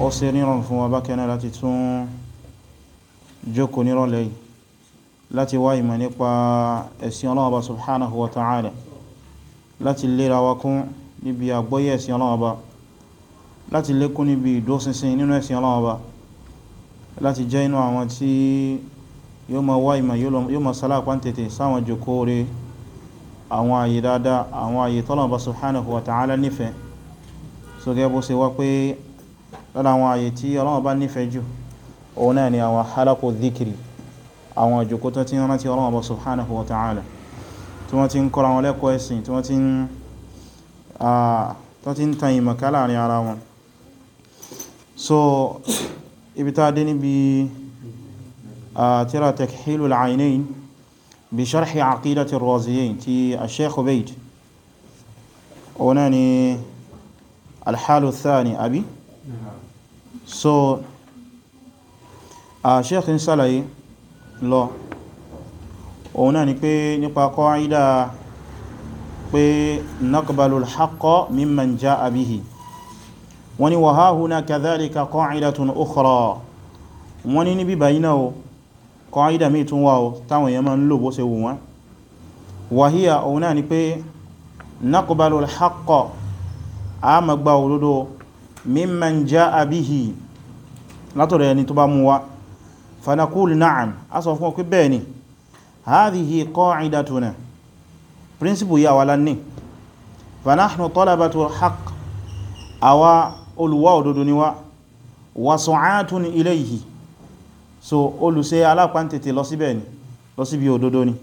ó ṣe níran fún wa bákanáà láti tún jókòó nírọ̀lẹ́ yìí láti wá ìmọ̀ nípa ẹ̀sìn Ọlọ́run Ọba subhanahu wa ta'ala láti lera wa kún níbi àgbọ́yé ẹ̀sìn Ọlọ́run Ọba láti lékún níbi ìdóṣinṣin nínú ẹ̀sìn Ọlọ́run Ọba láti jẹ́ inú àwọn tí yóò máa wá ìmọ̀ yóò máa sálápá tètè sáwọn lára àwọn àyè tí Ọlọ́run bá nífẹ̀ẹ́ jù òun náà ni àwọn halako dhikri àwọn ìjòkó tó ti rántí Ọlọ́run bá subhanahu wa tí wọ́n ti ń kọ́ra wọn lẹ́kọ̀ọ́ ẹ̀sìn tí ti ń tan ìmọ̀ká láàrin ara wọn so ibi tá dé níbi tíra Takhilul Aynayn bi sharhi Aqidati Raziyayn ti Sheikh Ubayd òun náà ni alhalu thani abi so a sheikh ń sàlàyé lọ òun náà ni pé nípa qaida pé naqbalul haqqa mimman jaa bihi wọ́n ni wa hahuna kadhalika qa'idatun ukhra wọ́n ni níbi báyìí náà qaida mi tún wà ó táwọn èèyàn máa ń lò bó ṣe wù wọ́n ni pé naqbalul haqqa a ma gba mimman jaa bihi látọ̀rọ̀ ẹni tó bá mú wá fanakul na'am a sọ fún ọkwẹ́ bẹ́ẹ̀ ni hadhihi qa'idatuna príncipù yà wà lánní fanahnu talabatu haqq àwa olùwà òdodo ni wá wa su'atun ilayhi so olùṣe alápántètè lọ síbẹ̀ ni lọ síbi òdodo ni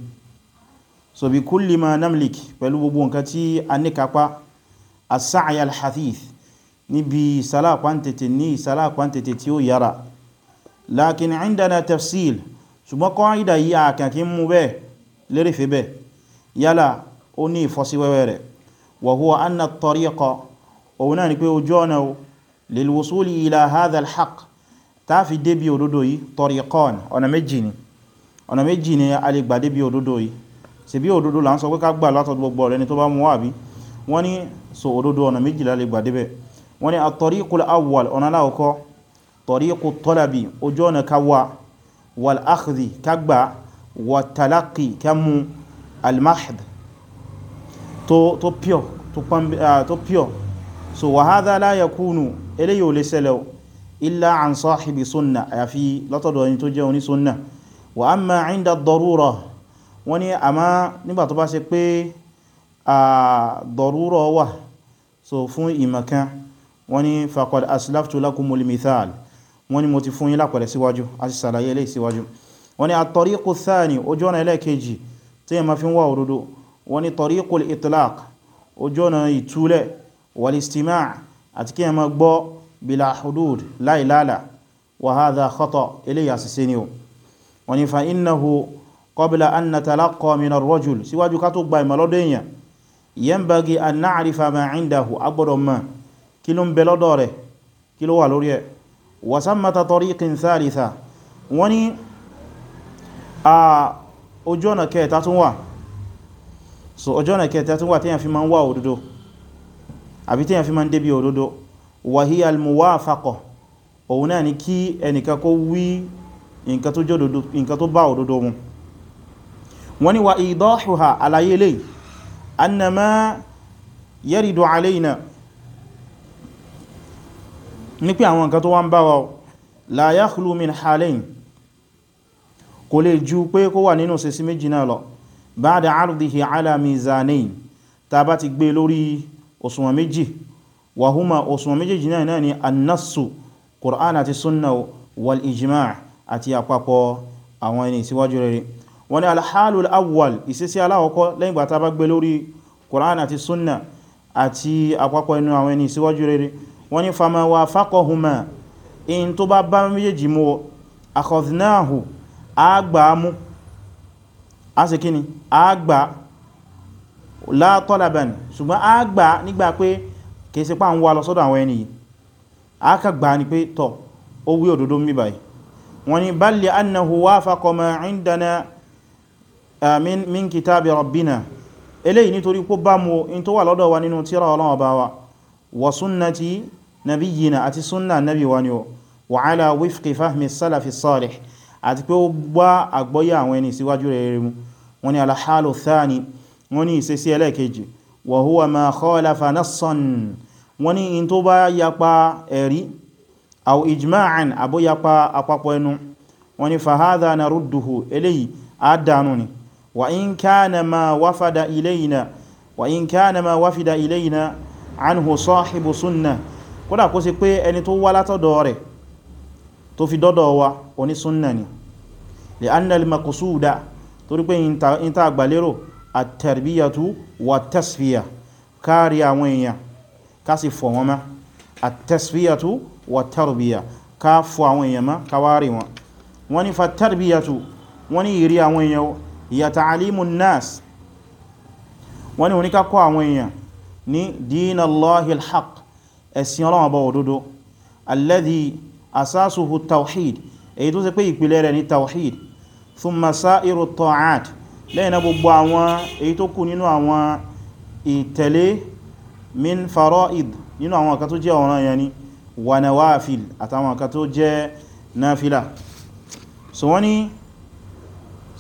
so bi kulli ma namlik pẹ̀lú gbogbo nǹkan tí a níkapá as-sa'y al níbi ìsàlápántètè ní ìsàlápántètè tí ó yára lakin indana tafsil ṣùgbọ́n qaida yìí àkàkí mú bẹ́ẹ̀ lérífẹ́ bẹ́ẹ̀ yálà ó ní ìfọ́síwẹ́wẹ́ rẹ̀ wa huwa anna at-tariqa òun náà ni pé ojú ọ̀nà lilwusuli ila hadha al-haq ta fi débi òdodo yìí tariqan ọ̀nà méjì ni ọ̀nà méjì ni a lè gbà débi òdodo yìí ṣe bí òdodo là ń sọ pé ká gbà látọ̀dọ̀ gbogbo ọ̀rẹ́ni tó bá mú wà bí wọ́n ní so òdodo ọ̀nà méjì lè gbà débẹ̀ wọ́n ni at-tariqul awwal ọ̀nà láwọ́kọ́ tariqut talabi ojú ọ̀nà kawa wal akhdhi kagbà wat talaqqi kamu al-mahd tó pure tó pure so wa hadha la yakunu eléyìí ò lè ṣẹlẹ̀ illa an sahibi sunna látọ̀dọ̀ so fún ìmọ̀kan wọ́n ni faqad aslaftu lakumul mithal wọ́n ni mo ti fún yín lápẹẹrẹ síwájú a sì sàlàyé ilé síwájú wọ́n ni at-tariqu thani ojú ọ̀nà ẹlẹ́ẹ̀kejì tí yẹn ma fi ń wá òdodo wọ́n ni tariqul itlaq ojú ọ̀nà ìtúlẹ̀ wal istima' àti kí yẹn ma gbọ́ bila hudud láìláàlà wa hadha khata ilé kí ló ń bẹ lọ́dọ̀ rẹ̀ kí ló wà lórí ẹ̀ wasammata tariqin thalitha wọ́n ní a ojú ọ̀nà kẹta tún wà so ojú ọ̀nà kẹta tún wà tí yàn fi ma ń wà òdodo àbí tí yàn fi ma ń débi òdodo wa hiya al òun náà ni kí ẹnìkan kó wí nǹkan tó bá òdodo mu wọ́n ní wa idahuha àlàyé lè annama yaridu alayna ní pé àwọn nǹkan tó wá ń bára ọ la yakhlu min halayn kò lè ju pé kó wà nínú sẹsí méjì náà lọ ba'da 'ardihi 'ala mizanayn ta bá ti gbé lórí òṣùwọ̀n méjì wa huma òṣùwọ̀n méjì náà náà ni annasu Qur'an àti sunna wal ijma' àti àpapọ̀ àwọn ẹni ìsíwájú rere wọ́n alhalul awwal ìsẹsí aláwọ̀kọ́ lẹ́yìn gbà ta bá gbé lórí Qur'an àti sunna àti àpapọ̀ ẹnu àwọn ẹni ìsíwájú rere wọ́n ní fama wafaqahuma in tó bá bá méjèèjì mú akhadhnahu àgbà mú a sì kíni àgbà la talaban ṣùgbọ́n àgbà nígbà pé kìí sí pa ń wà lọ sọ́dọ̀ àwọn ẹni yìí a kà gbà eléyìí nítorí kó bá mú in tó wà lọ́dọ̀ wa nínú tírà Ọlọ́run ọba wa wa sunnati nabiyyina àti súnnà nabi wa ni o wa ala wifqi fahmi salafi salih àti pé ó gbá àgbọ́yé àwọn ẹni síwájú rere mu wọ́n ni alhalu thani wọ́n ni ìsẹsí ẹlẹ́ẹ̀kejì wa huwa ma khalafa nassan wọ́n ni in tó bá yapa ẹ̀rí aw ijma'an àbó yapa àpapọ̀ ẹnu wọ́n ni fahadha narudduhu eléyìí àdánù ni wa in kana ma wafada ilayna wa in kana ma wafida ilayna anhu sahibu sunnah kódà kó ṣe pé ẹni tó wá látọ̀dọ̀ rẹ̀ tó fi dọ́dọ̀ wa oní súnnà ni lè annal makusuda torí pé in ta àgbàlérò àtẹ̀rbíyàtú wà tẹ́sfíyà kárí àwọn èèyàn ká sì fọ̀ wọn má àtẹ́sfíyàtú wà tẹ́rbíyà ká fọ̀ àwọn èèyàn má káwárí wọn wọ́n ni fa tẹ́rbíyàtú wọ́n ni ìrí àwọn èèyàn ìyà ta'alimun nas wọ́n ni wọ́n ni ká kọ́ àwọn èèyàn ní dínàlọ́hìl haqq ẹ̀sìn Ọlọ́run bá òdodo alladhi asasuhu tawhid èyí tó ṣe pé ìpìlẹ̀ rẹ̀ ní tawhid thumma sa'iru ta'at lẹ́yìn náà gbogbo àwọn èyí tó kù nínú àwọn ìtẹ̀lé min fara'id nínú àwọn kan tó jẹ́ ọ̀ranyàn yani wa nawafil àtàwọn kan tó jẹ́ náfílà so wọ́n ni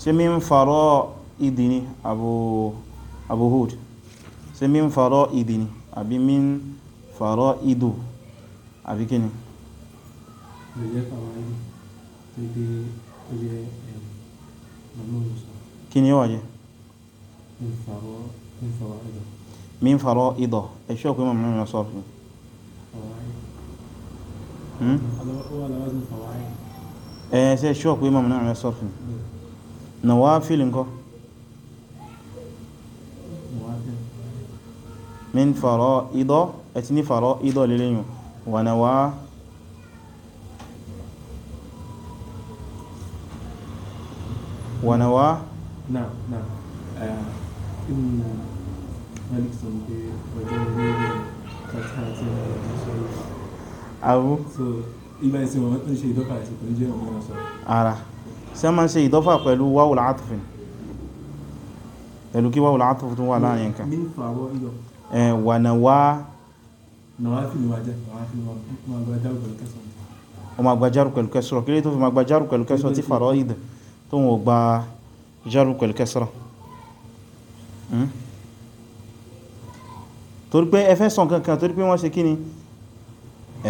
ṣe min fara'id ni abu hud ṣe min fara'id ni àbí min fàárọ̀ ido. A kí ni kí ni é jẹ́ min fàárọ̀ ìdò ẹ̀ṣọ́ pé mọ̀mí mọ̀ sọ́fì ẹ̀ṣẹ́ ṣọ́ pé mọ̀mí mọ̀ sọ́fì na wá fílì nǹkan min faró é ido ẹ ti ní fàrọ ìdọ̀ lélẹ́yìn wànàwà wànàwà náà náà àwú ara ṣe ma ṣe ìdọ́fà pẹ̀lú wáwù látùfin pẹ̀lú kí wáwù látùfin tó wà láàrin nǹkan wà náà wá wọ́n ma gba járù pẹ̀lú kẹsìrọ̀ kí lè tó fi ma gba járù pẹ̀lú kẹsìrọ̀ tí fàrọ̀ ìdẹ̀ tó wọ́n gba jaru pẹ̀lú kẹsìrọ̀ hmm? torí pé ẹfẹ́ sọ kankan torí pé wọ́n ṣe kí ni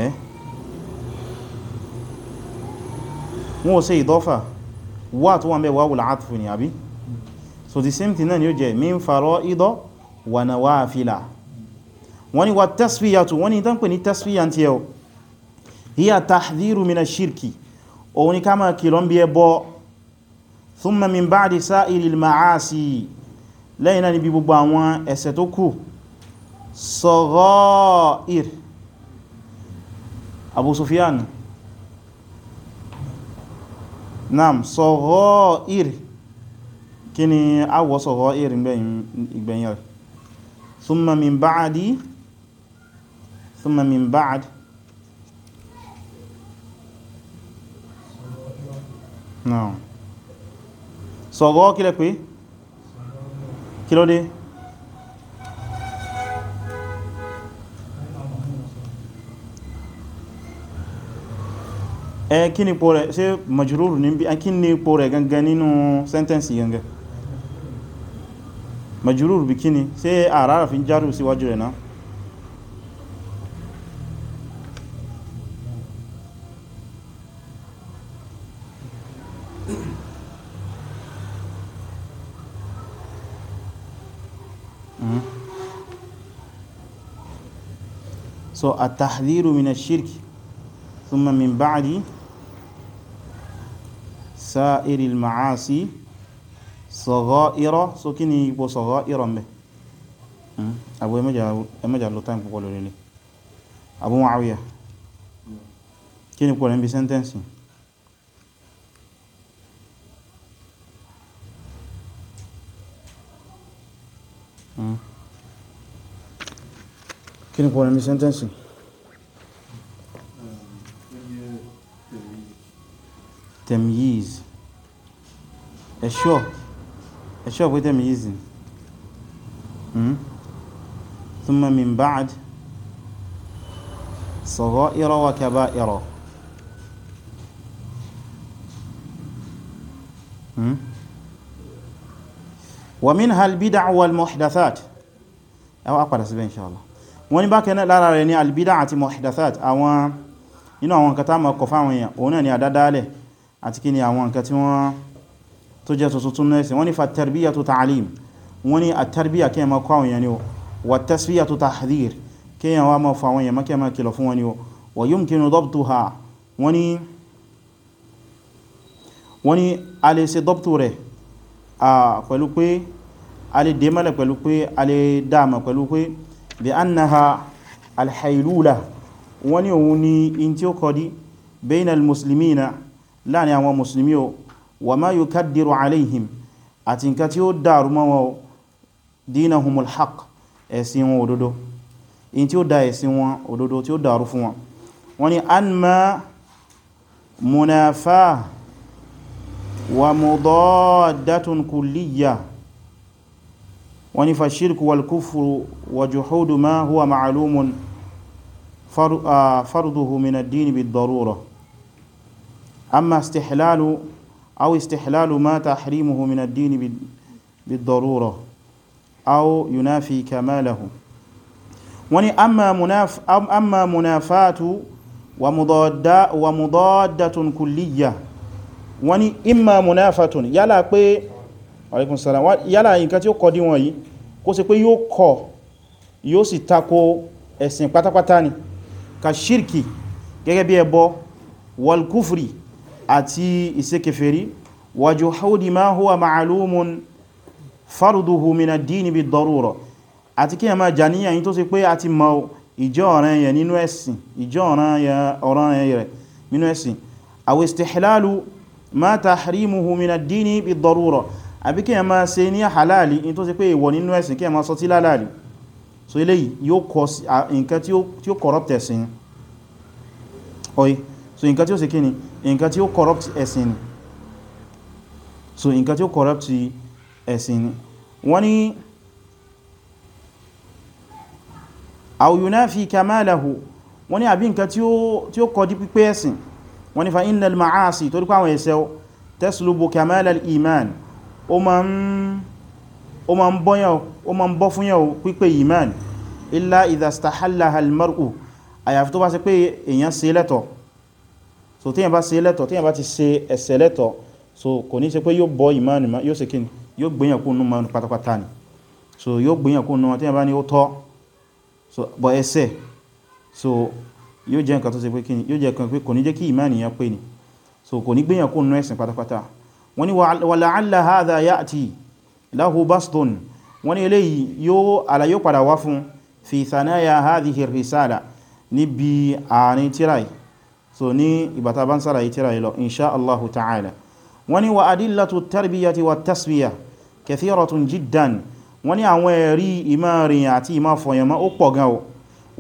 ẹ́ wọ́n ò ṣe ìdọ́fà wà tó wà mẹ́ wà wùlá àtìfù ni àbí so the same thing náà ni ó jẹ́ min fàrọ̀ ìdọ́ wà náà wọ́n ni wà tasfiyatu wọ́n ni tán pè ní tasfiya ti ẹ̀wọ̀ hiya tahdhiru mina shirki òun ni ká máa kìlọ̀ ń bí ẹbọ thumma min ba'di sa'iril ma'asi lẹ́yìn náà níbi gbogbo àwọn ẹ̀ṣẹ̀ tó kù sagha'ir Abu Sufyan naam sagha'ir kí ni awọ sagha'ir ìgbẹ̀yìn thumma min ba'di ثم من بعد نعم صغار كلا كوي كلا دي ẹ kí ni ipò rẹ̀ ṣe majururu ní bí kí ni ipò rẹ̀ gangan nínú sẹ́ntẹ́nsì gangan majururu bí kí ni ṣe àrárá fi ń járù so at-tahdhiru min ash-shirk thumma min ba'di sa'iri al-ma'asi sagha'ira so kíni ipò sagha'ira mẹ́ hmm? abu ẹmẹ́jà lọ táìmù púpọ̀ lórí ilé Abu Muawiya kíni pọ̀ lẹ́mí sẹ́ntẹ́nsì Mm-hmm. Quel est le problème تمييز الشو الشو تمييز ثم من بعد صغائر وكبائر ومنها البدع والمحدثات أو أقرأ سبين إن شاء الله wọ́n ní bákẹ́nà lára rẹ̀ ní albida àti muhdathat àwọn nínú àwọn nǹkan tá ma kọ̀ fáwọn èèyàn òun náà ni àdádálẹ̀ àti kí ni àwọn nǹkan tí wọ́n tó jẹ́ tuntun tún nẹ́sìn wọ́n ní fa tarbiya tó ta'alim wọ́n ní a tarbiya kí ma kọ́ àwọn èèyàn ni o wa tasfiya tó tahdhir kí èèyàn wá ma fọ àwọn bí annaha alhailula wọ́n ní òun ni in tí ó kọdí bainal muslimina láàrin àwọn musulmi o wa ma yukaddiru alaihim àti nǹkan tí ó dàrú mọ́ wọn dinahumul haq ẹ̀sìn wọn òdodo in tí ó dá ẹ̀sìn wọn òdodo tí ó dàrú fún wọn wọ́n an ma munafa wa mudadatun kulliya wọ́n ní fashirku wal kufru wa juhudu ma huwa ma'lumun farduhu min ad-din bid-darura amma istihlalu aw istihlalu ma tahrimuhu min ad-din bid-darura aw yunafi kamalahu wọ́n ní amma munaf amma munafatu wa mudadda wa mudadatun kulliyya wọ́n imma munafatun yálà pé alaikum salam yálà nǹkan tí ó kọ dí wọn yìí kó ṣe pé yóò kọ yóò sì tako ẹ̀sìn pátápátá ni ka ṣírkì gẹ́gẹ́ bí ẹbọ walkufri àti ìṣekèfèrí wàjú haudi ma huwa ma'alumun farduhu min ad-din bi darura àti kí ẹ máa jàníyàn yí tó ṣe pé a ti mọ ìjọ ọ̀ràn yẹn nínú ẹ̀sìn ìjọ ọ̀ràn yẹn rẹ̀ nínú ẹ̀sìn aw istihlalu ma tahrimuhu min ad-din bi darura àbí kí ẹ máa ṣe ní halali in tó ṣe pé ìwọ̀ nínú ẹ̀sìn kí ẹ máa sọ tí lálàrí so eléyìí yóò kọ nǹkan tí ó corrupt ẹ̀sìn so nǹkan tí ni nǹkan tí ó so nǹkan tí ó corrupt ẹ̀sìn ni wọ́n ni aw yunafi kamalahu wọ́n ni àbí nǹkan tí ó kọ dí pípẹ́ ẹ̀sìn wọ́n ni fa innal ma'asi torípàwọn ẹ̀sẹ̀ taslubu kamalal iman ó ma ń bọ́ fún yàn pípé iman illa idha stahallaha al-mar'u àyàfi tó bá ṣe pé èyàn ṣe lẹ́tọ̀ so tíyàn bá ṣe lẹ́tọ̀ tíyàn bá ti ṣe ẹ̀ṣẹ̀ lẹ́tọ̀ so kò ní ṣe pé yóò bọ́ iman yóò ṣe kíni yóò gbìyàn kú nù mọ́nu pátápátá ni so yóò gbìyàn kú nù wọn tíyàn bá ní ó tọ́ so bọ́ ẹ̀ṣẹ̀ so yóò jẹ́ nǹkan tó ṣe pé kíni yóò jẹ́ nǹkan pé kò ní jẹ́ kí iman yẹn pé ni so kò ní gbìyàn kú nù ẹ̀sìn pátápátá wọ́n ni wàlàálà hadha ya'ti lahu basdun wọ́n ni eléyìí yóò àlàyé padà wá fún fi thanaya hadhihi risala níbi àárín tíráì so ní ìbàtà bá ń sára tíráì lọ inṣá allahu ta'ala wọ́n ni wa adillatu tarbiyyati wa taswiya kathiratun jiddan wọ́n ni àwọn ẹ̀rí ìmá rìn àti ìmá fọyẹ̀mọ́ ó pọ̀ gan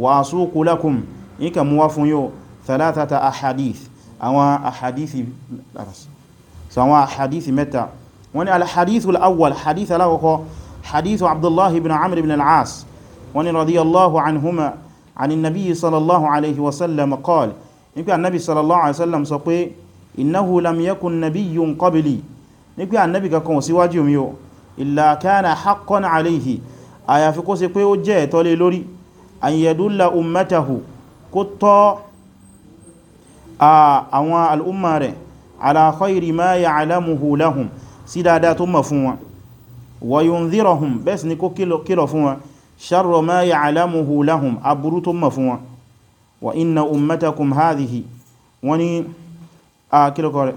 wa asuqu lakum ní kàmúwá fún yóò thalathata ahadith àwọn ahadithi lára so àwọn hadithi mẹ́ta wọ́n ní alhadithu al'awwal hadith alákọ̀ọ́kọ́ hadithu abdullahi ibn amr ibn al'as wọ́n ní radiyallahu anhuma عن النبي صلى الله عليه وسلم قال نبي النبي صلى الله عليه وسلم sọ pé إنه لم يكن نبي قبلي نبي النبي kankan ò síwájú mi o إلا كان حقا عليه àyàfi kó ṣe pé ó jẹ́ ẹ̀tọ́ lé lórí أن يدل أمته kó tọ́ àwọn al'umma rẹ̀ ala khayri ma ya'lamuhu lahum sí dáadáa tó mọ̀ fún wọn wa yundhirahum bẹ́ẹ̀ sì ni kó kìlọ̀ fún wọn sharra ma ya'lamuhu lahum aburú tó mọ̀ fún wọn wa inna ummatakum hadhihi wani a kílọ̀kọ̀ rẹ̀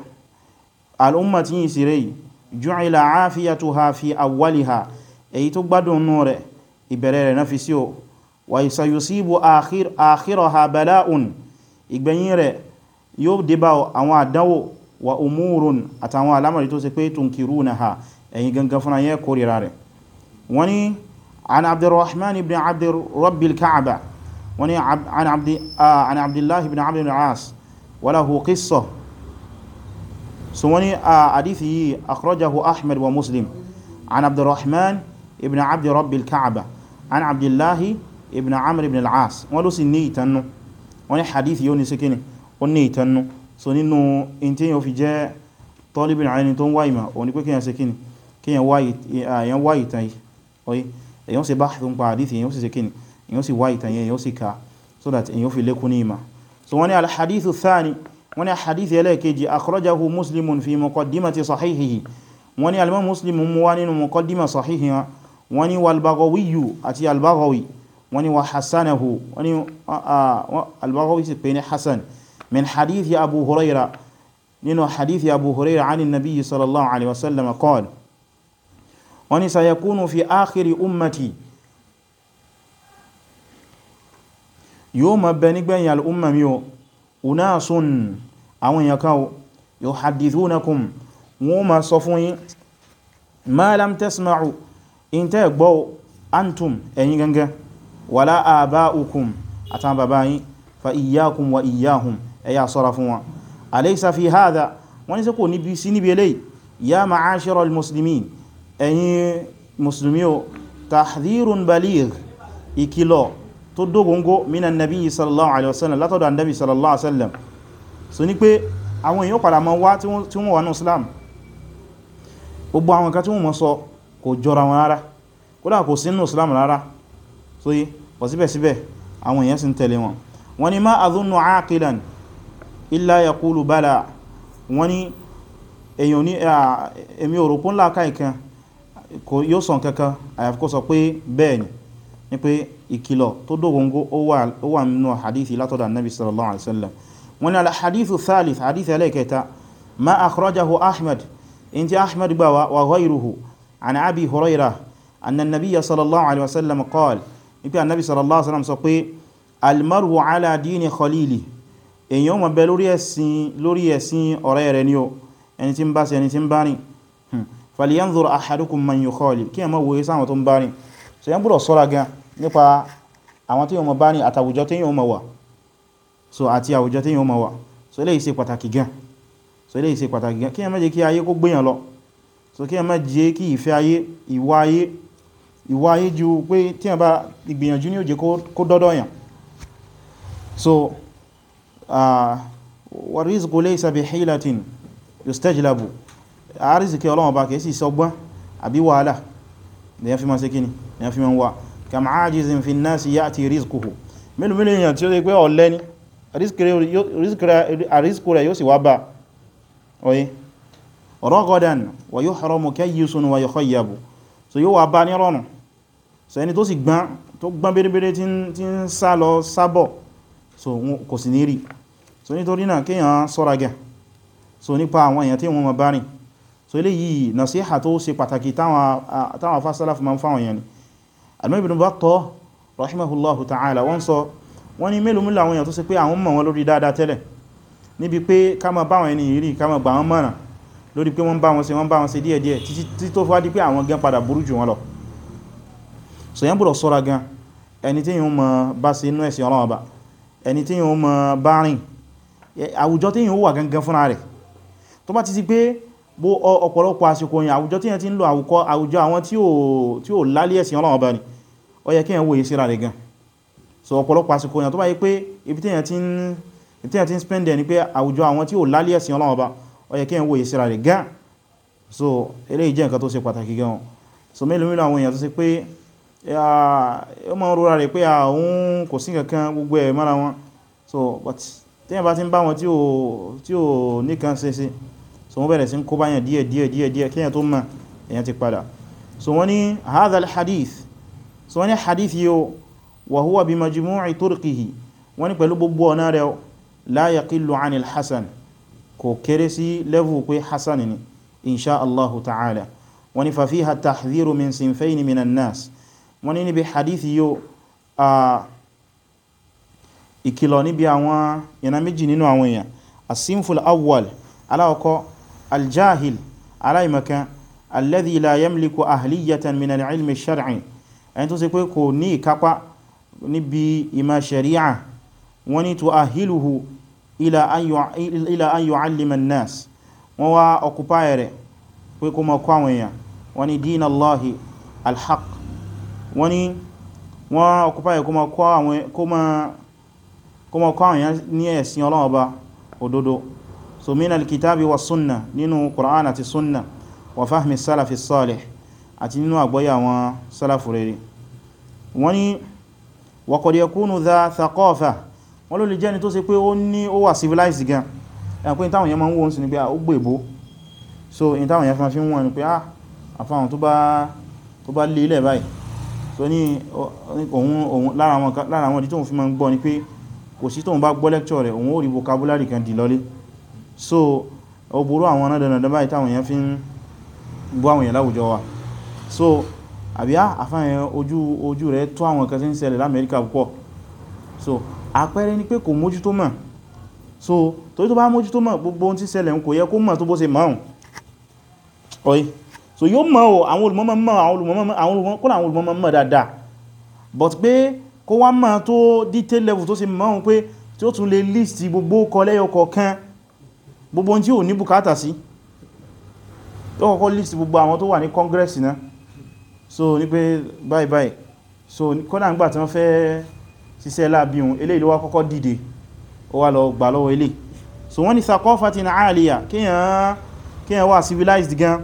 al'ummatin yìí sire yìí ju'ila afiyatuha fi awwaliha èyí tó gbádùn nù rẹ̀ ìbẹ̀rẹ̀ rẹ̀ na fi sí o wa sayusibu akhiraha bala'un ìgbẹ̀yìn rẹ̀ yóò débá àwọn àdánwò wa umurun àtàwọn alamari tó ṣe pé tunkirunaha ẹ̀yin gangan fúnra yẹ kórìíra rẹ̀ wọ́n ni an abdurrahman ibn abdurrabbil ka'aba wọ́n ni an abdullahi ibn abdul as walahu qissa so wọ́n ni a hadithi yìí akhrajahu ahmad wa muslim an abdurrahman ibn abdurrabbil ka'aba an abdullahi ibn amr ibn al-as wọ́n ló sì ní ìtannu wọ́n ni hadithi yóò ní síkini ó so nínú in tí yíò fi jẹ́ tọ́líbìn àìní tó ń wá ìmọ̀ òní pé kíyàn ṣe kíni kíyàn wá ìtàn yìí oye èyàn ṣe bá tó ń pa àdíthì èyàn sì ṣe kíni èyàn sì wá ìtàn yìí èyàn sì ka so that èyàn fi lékún ní ìmọ̀ so wọ́n ní alhadithu thani wọ́n ní alhadithu ẹlẹ́ẹ̀kejì akhrajahu muslimun fi muqaddimati sahihihi wọ́n ní alimọ́ muslim mú wá nínú muqaddima sahihi min hadithi abu huraira nínú hadithi abu huraira ani nabi sallallahu alaihi wasallam qala wọ́n ní sayakunu fi akhiri ummati yóò ma bẹ nígbẹ̀yìn al'umma mi o unasun àwọn èèyàn kan o yuhaddithunakum wọ́n ma sọ fún yín ma lam tasma'u in tẹ́ gbọ́ antum ẹ̀yin gangan wala aba'ukum àtàbàbáyín fa iyyakum wa iyyahum ẹ̀yà sọ́ra fún wọn alaysa fi hadha wọ́n ní ṣé kò níbi sí níbi eléyìí ya ma'ashira al-muslimin ẹ̀yin musulmi o tahdhirun baligh ìkìlọ̀ tó dógóngó minan nabi sallallahu alaihi wasallam látọ̀dọ̀ annabi sallallahu alaihi wasallam so ní pé àwọn èèyàn padà mọ́ wá tí wọ́n wà ní islam gbogbo àwọn nǹkan tí wọ́n mọ́ sọ kò aqilan illa yaqulu bala wọ́n ní èyàn ní èmi òròpó ńlá ká ìkan kò yóò sọ kankan àyàfi kó sọ pé bẹ́ẹ̀ ni ni pé ìkìlọ̀ tó dógóngó ó wà nínú hadithi látọ̀dọ̀ annabi sallallahu alaihi wasallam wọ́n ní alhadithu thalith hadithi ẹlẹ́kẹta ma akhrajahu ahmad in ti ahmad gba wa ghayruhu an abi hurairah anna an-nabiyya sallallahu alaihi wasallam qala ipi annabi sallallahu alaihi èyàn ma bẹ lórí ẹ̀sìn lórí ẹ̀sìn ọ̀rẹ́ rẹ̀ ni o ẹni tí ń bá ṣe ẹni tí ń bá rìn hmm. falyanzur ahadukum man yukhalil kí ẹ wòye sáwọn tó ń bá rìn so yẹn gbọ́dọ̀ sọ́ra gan nípa àwọn tí yóò mọ̀ so àti àwùjọ tí so eléyìí ṣe pàtàkì so eléyìí ṣe pàtàkì gan kí ẹ má jẹ́ so kí ẹ má jẹ́ kí ìfẹ́ ayé ìwà ayé ìwà ayé ju pé tí so Ah, warizqu laysa bihilatin yustajlabu àrísìkí Ọlọ́run bá kìí sí sọgbọ́n àbí wàhálà da ya fi ma síkí ni ya fi ma wà kam ajizin fi nasi ya'ti rizquhu mélòó mélòó èèyàn tí ó pé ọ̀lẹ ni àrísìkí rẹ̀ yóò sì wá bá oye ragadan wa yuhramu kayyisun wa yukhayyabu so yóò wá bá ní rọrùn so ẹni tó sì gbọ́n tó gbọ́n bèrèbèrè tí ń sá lọ sábọ̀ so kò sí ní rí so nítorí náà kíyàn sọ́ra so nípa àwọn èèyàn tí wọ́n mọ̀ bá rìn so eléyìí nasiha tó ṣe pàtàkì táwọn afásálàfù ma ń fáwọn èèyàn ni Al-Imam Ibn rahimahullahu ta'ala wọ́n sọ wọ́n ní mélòó mélòó àwọn èèyàn tó ṣe pé àwọn mọ̀ wọn lórí dáadáa tẹ́lẹ̀ níbi pé ká ma báwọn ẹni rí ká ma gbà wọn mọ̀ràn lórí pé wọ́n bá wọn ṣe wọ́n bá wọn ṣe díẹ̀díẹ̀ títí tó fà di pé àwọn gan padà burú jù wọn lọ so yẹn bùrọ̀ sọ́ra gan ẹni tí yíò mọ̀ bá ṣe inú ẹ̀sìn Ọlọ́run ọba ẹni tí yíò mọ̀ bá rìn àwùjọ tí yíò wà gangan fúnra rẹ̀ tó bá ti sí pé bó ọ̀pọ̀lọpọ̀ àsìkò yìn àwùjọ tí yẹn ti ń lo àwùkọ àwùjọ àwọn tí ó lálé ẹ̀sìn Ọlọ́run Ọba ni ó yẹ kí yẹn wòye síra rẹ̀ gan so ọ̀pọ̀lọpọ̀ àsìkò yìn tó bá yí pé ibi tí yẹn ti ń spend ẹ̀ ni pé àwùjọ àwọn tí ó lálé ẹ̀sìn Ọlọ́run Ọba ó yẹ so eléyìí jẹ́ nǹkan tó so mélòó mélòó àwọn èèyàn ó ma ń rọra rẹ̀ pé àwọn kò sí kankan gbogbo ẹ̀ mara wọn so but tí yẹn bá ti ń bá wọn tí ò níkan ṣe ṣe so wọ́n bẹ̀rẹ̀ sí ń kó báyàn díẹ̀ díẹ̀ díẹ̀ díẹ̀ kíyàn tó mọ̀ èyàn ti padà so wọ́n ní hadhal hadith so wọ́n ní hadith yíò wa huwa bi majmu'i turqihi wọ́n ní pẹ̀lú gbogbo ọ̀nà rẹ̀ la yaqillu anil hasan kò kéré sí level pé hasan ni insha allahu ta'ala wọ́n ní fa tahdhiru min sinfayn min an wọ́n ní níbi hadith yóò ìkìlọ̀ níbi àwọn ìran méjì nínú àwọn èèyàn asimful awwal aláwọ̀kọ́ aljahil aláìmọ̀kan alladhi la yamliku ahliyatan min al-ilmi ash-shar'i ẹni tó ṣe pé kò ní ìkápá níbi ìmọ̀ sharia wọ́n ní tuahiluhu ila an yu'allima an-nas wọ́n wá ọkùpáyẹ̀ rẹ̀ pé kó mọ̀ àwọn èèyàn wọ́n ní dínàláhì alhaq wọ́n ní wọ́n occupy kó ma kọ́ àwọn èèyàn ní ẹ̀sìn Ọlọ́run Ọba òdodo so min al wa sunna nínú Qur'an àti sunna wa fahmi salafi salih àti nínú àgbọ́yé àwọn salafu rere wọ́n ní wa qad yakunu dha thaqafa wọ́n ló lè jẹ́ni tó ṣe pé ó ní ó wà civilized gan ẹ̀kùn ìtàwọn yẹn ma ń wọ́n sí ni pé ah, ó gbèbó so ìtàwọn yẹn fi wọ́n so ní òun lára wọn di tóun fi ma ń gbọ́ ni pé kò sí tóun bá gbọ́ lecture rẹ̀ òun ó rí vocabulary kan dì lọlé so ọgbòrò àwọn ọ̀nàdànàdà báyìí táwọn èèyàn fi ń bú àwọn èèyàn láwùjọ wa so àbíá àfáàyàn ojú ojú rẹ̀ tó àwọn kan tí ń ṣẹlẹ̀ lamẹ́ríkà púpọ̀ so àpẹẹrẹ ni pé kò mójútó mọ̀ so torí tó bá mójútó mọ̀ gbogbo ohun tí ṣẹlẹ̀ ń kò yẹ kó mọ̀ tó bó ṣe mọ̀ so yóò mọ̀ o àwọn olùmọ́mọ́ mọ̀ àwọn olùmọ́mọ́ kó àwọn olùmọ́mọ́ mọ̀ dáadáa but pé kó wá mọ̀ tó detail level tó sì mọ̀ ohun pé tí ó tún lè list gbogbo kọ lẹ́yọ kọ̀ọ̀kan gbogbo tí ò ní bùkátà sí tó kọ́kọ́ list gbogbo àwọn tó wà ní congress náà so ní pé bye bye so kọ́nà ń gbà tí wọ́n fẹ́ ṣiṣẹ́ láàbí ohun eléyìí ló wá kọ́kọ́ dìde ó wá lọ gbà lọ́wọ́ eléyìí so wọ́n ní sakọ́fà ti na àlìyà kíyàn wà civilized gan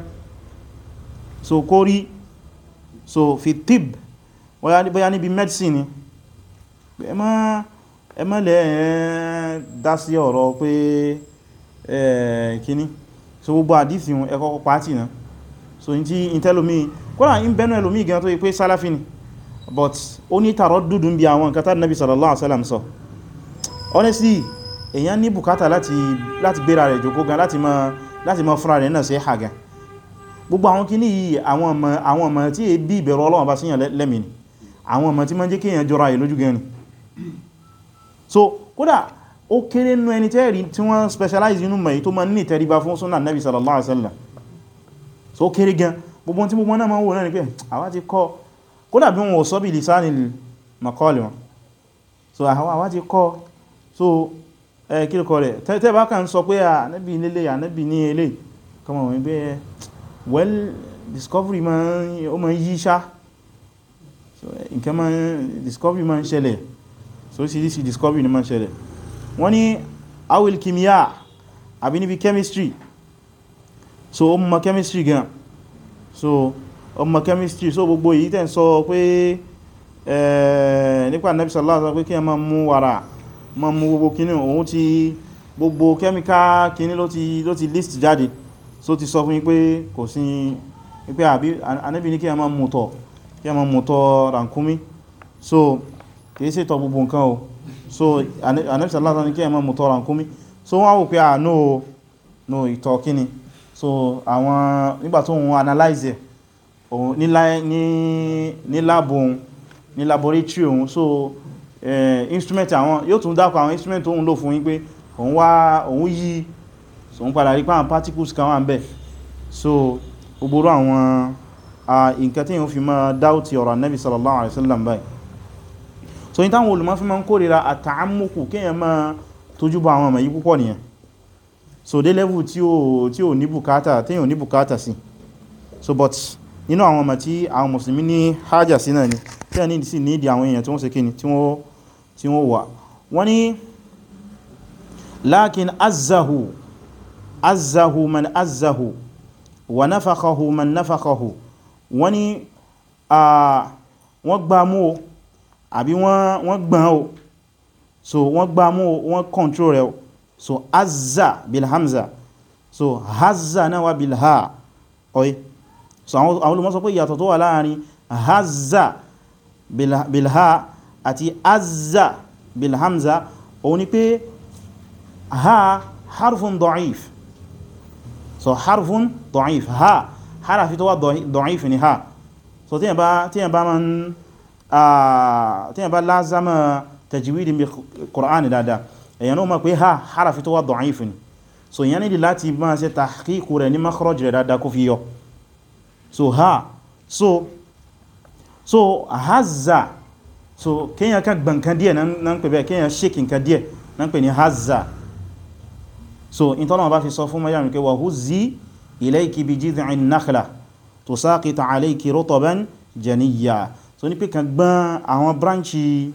so kó rí so fi tib bóyá níbi medicine ni ẹ má lẹ́ ẹ̀ dá sí ọ̀rọ̀ pé ẹ̀ kíní so gbogbo àdísì ẹ kọ́kọ́ pàtì náà so in ti intelomi kódà in bẹnu ẹlòmí gan tó yí pé sálàfí ni but ó ní tààrọ dúdùn bí àwọn nǹkan tàbí sallallahu alaihi wasallam sọ honestly èyàn ní bùkátà láti gbéra rẹ̀ jòkó gan láti mọ́ fúnra rẹ̀ náà sí ẹ̀hà gan gbogbo àwọn kí ní àwọn ọmọ àwọn ọmọ tí è bí ìbẹ̀rọ Ọlọ́run bá síyàn lẹ́mìí àwọn ọmọ tí ma ń jẹ́ kíyàn jọra ẹ̀ lójú gẹni so kódà ó kéré nú ẹni tẹ́ẹ̀rí tí wọ́n specialize inú mẹ́ tó ma ní ìtẹríba fún súnà nẹ́bí sallallahu alaihi so ó kéré gan gbogbo tí gbogbo náà ni pé àwa ti kọ́ kódà bí wọn ò so àwa ti so kílùkọ rẹ̀ tẹ́ẹ̀ bá kàn sọ pé à nẹ́bí ilé à nẹ́bí ní ilé kọmọ̀ wọn well discovery ma ń yí So nǹkan ma discovery ma ń so si si discovery ni ma ń ṣẹlẹ̀ wọ́n ní awil kimiyya àbí níbi chemistry so o mọ̀ chemistry gan so o mọ̀ chemistry so gbogbo èyí tẹ́ ń sọ pé eh, nípa nabi sallallahu alaihi wasallam pé kí ẹ ma mú wàrà ma mú gbogbo kíní òun ti gbogbo chemical kíní ló ti list jáde so ti sọ fún yín pé kò sí pé Ànábì ní kí a máa mutọ̀ kí a máa mutọ̀ rankumi so kìí ṣètọ̀ gbogbo nǹkan o so Ànábì sàlátà ní kí a máa mutọ̀ rankumi so wọ́n wò pé à no no ìtọ̀ kíni so àwọn nígbà tó ń analyze òun ní láàbò laboratory òun so eh, instrument àwọn yóò tún dákọ̀ àwọn instrument òun lò fún yín pé òun wá òun yí so n padà rí pé àwọn particles kan wà ń bẹ̀ so gbogbo àwọn nǹkan tí yíò fi máa dáútì ọ̀rọ̀ annabi sallallahu alaihi wasallam báyìí so ní táwọn olùmọ́ fi máa ń kórìíra àtàámùkù kíyàn máa tójú bá àwọn ọmọ yìí púpọ̀ nìyàn so dé level tí ó tí ó ní bùkátà tí ó ní bùkátà sí so but nínú àwọn ọmọ tí àwọn mùsùlùmí ní hajjá sí náà ni tí a ní sí ní ìdí àwọn èèyàn tí wọ́n ṣe kí ni tí wọ́n wà wọ́n ní lákin azahu azzahu man azzahu wa nafakahu man nafakahu wọ́n ni wọ́n gbá mú o àbí wọ́n gbọ́n o so wọ́n gbá mú o wọ́n control rẹ̀ o so azza bil hamza so hazza náà wà bil ha ọ̀yí so àwọn olùmọ̀ sọ pé ìyàtọ̀ tó wà láàrin hazza bil ha àti azza bil hamza òun ni pé ha harfun da'if so harfun da'if ha harafi tó wà da'if ni ha so tí yẹn bá man tí yẹn bá lázama tajwidi bí Qur'ani dada èyàn náà ma pé ha harafi tó wà da'if ni so yẹn nídi láti máa ṣe tahqiqu rẹ̀ ní makhraj rẹ̀ dada kó fi yọ so ha so so hazza so kíyàn kan gbọ̀nkan díẹ̀ na ń pè bẹ́ẹ̀ kíyàn ṣíkì nǹkan díẹ̀ na ń pè hazza so in tọ́lọ́wọ́ bá fi sọ fún Maryam pé wa huzzi ilayki bi jid'in nakhla tusaqitu alayki rutban janiyya so ní pé kan gbọ́n àwọn branchi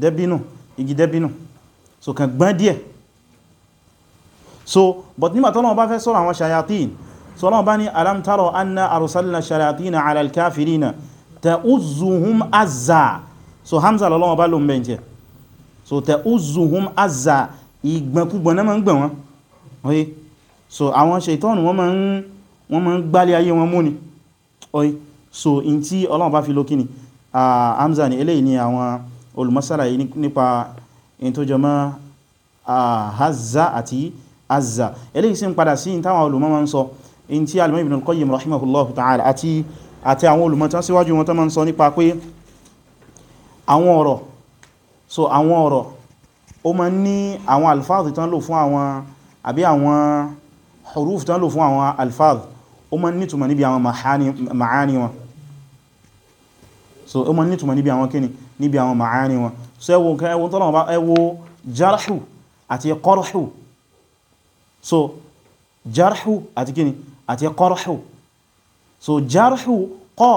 dẹ́bínú igi dẹ́bínú so kan gbọ́n díẹ̀ so but nígbà tọ́lọ́wọ́ bá fẹ́ sọ́rọ̀ àwọn shayatin so lọ́wọ́ bá ní alam taro anna arsalna shayatina ala al-kafirina ta'uzzuhum azza so hamza lọ́wọ́ bá lò ń bẹ̀ so ta'uzzuhum azza ìgbọ̀nkúgbọ̀n náà máa ń gbọ̀n wọn oye so àwọn ṣètọ́nù wọ́n máa ń wọ́n máa ń gbálẹ̀ ayé wọn mú ni oye so in tí Ọlọ́run bá fi ló kíni Hamza ni eléyìí ni àwọn olùmọ́sára yìí nípa in tó jọmọ́ hazza azza eléyìí sì ń padà sí in táwọn olùmọ́ máa ń sọ in tí ta'ala àti àti àwọn olùmọ́ tán síwájú wọn tán máa ń sọ nípa pé so àwọn ọ̀rọ̀ ó ma ní àwọn alfáàdù tán lò fún àwọn àbí àwọn huruf tán lò fún àwọn alfáàdù ó ma nítumọ̀ níbi àwọn ma'áni wọn so ó ma nítumọ̀ níbi àwọn kíni níbi àwọn ma'áni wọn so ẹwọ ẹwọ tọ́lọ̀ bá ẹwọ jarhu àti qarhu so jarhu àti kíni àti qarhu so jarhu qa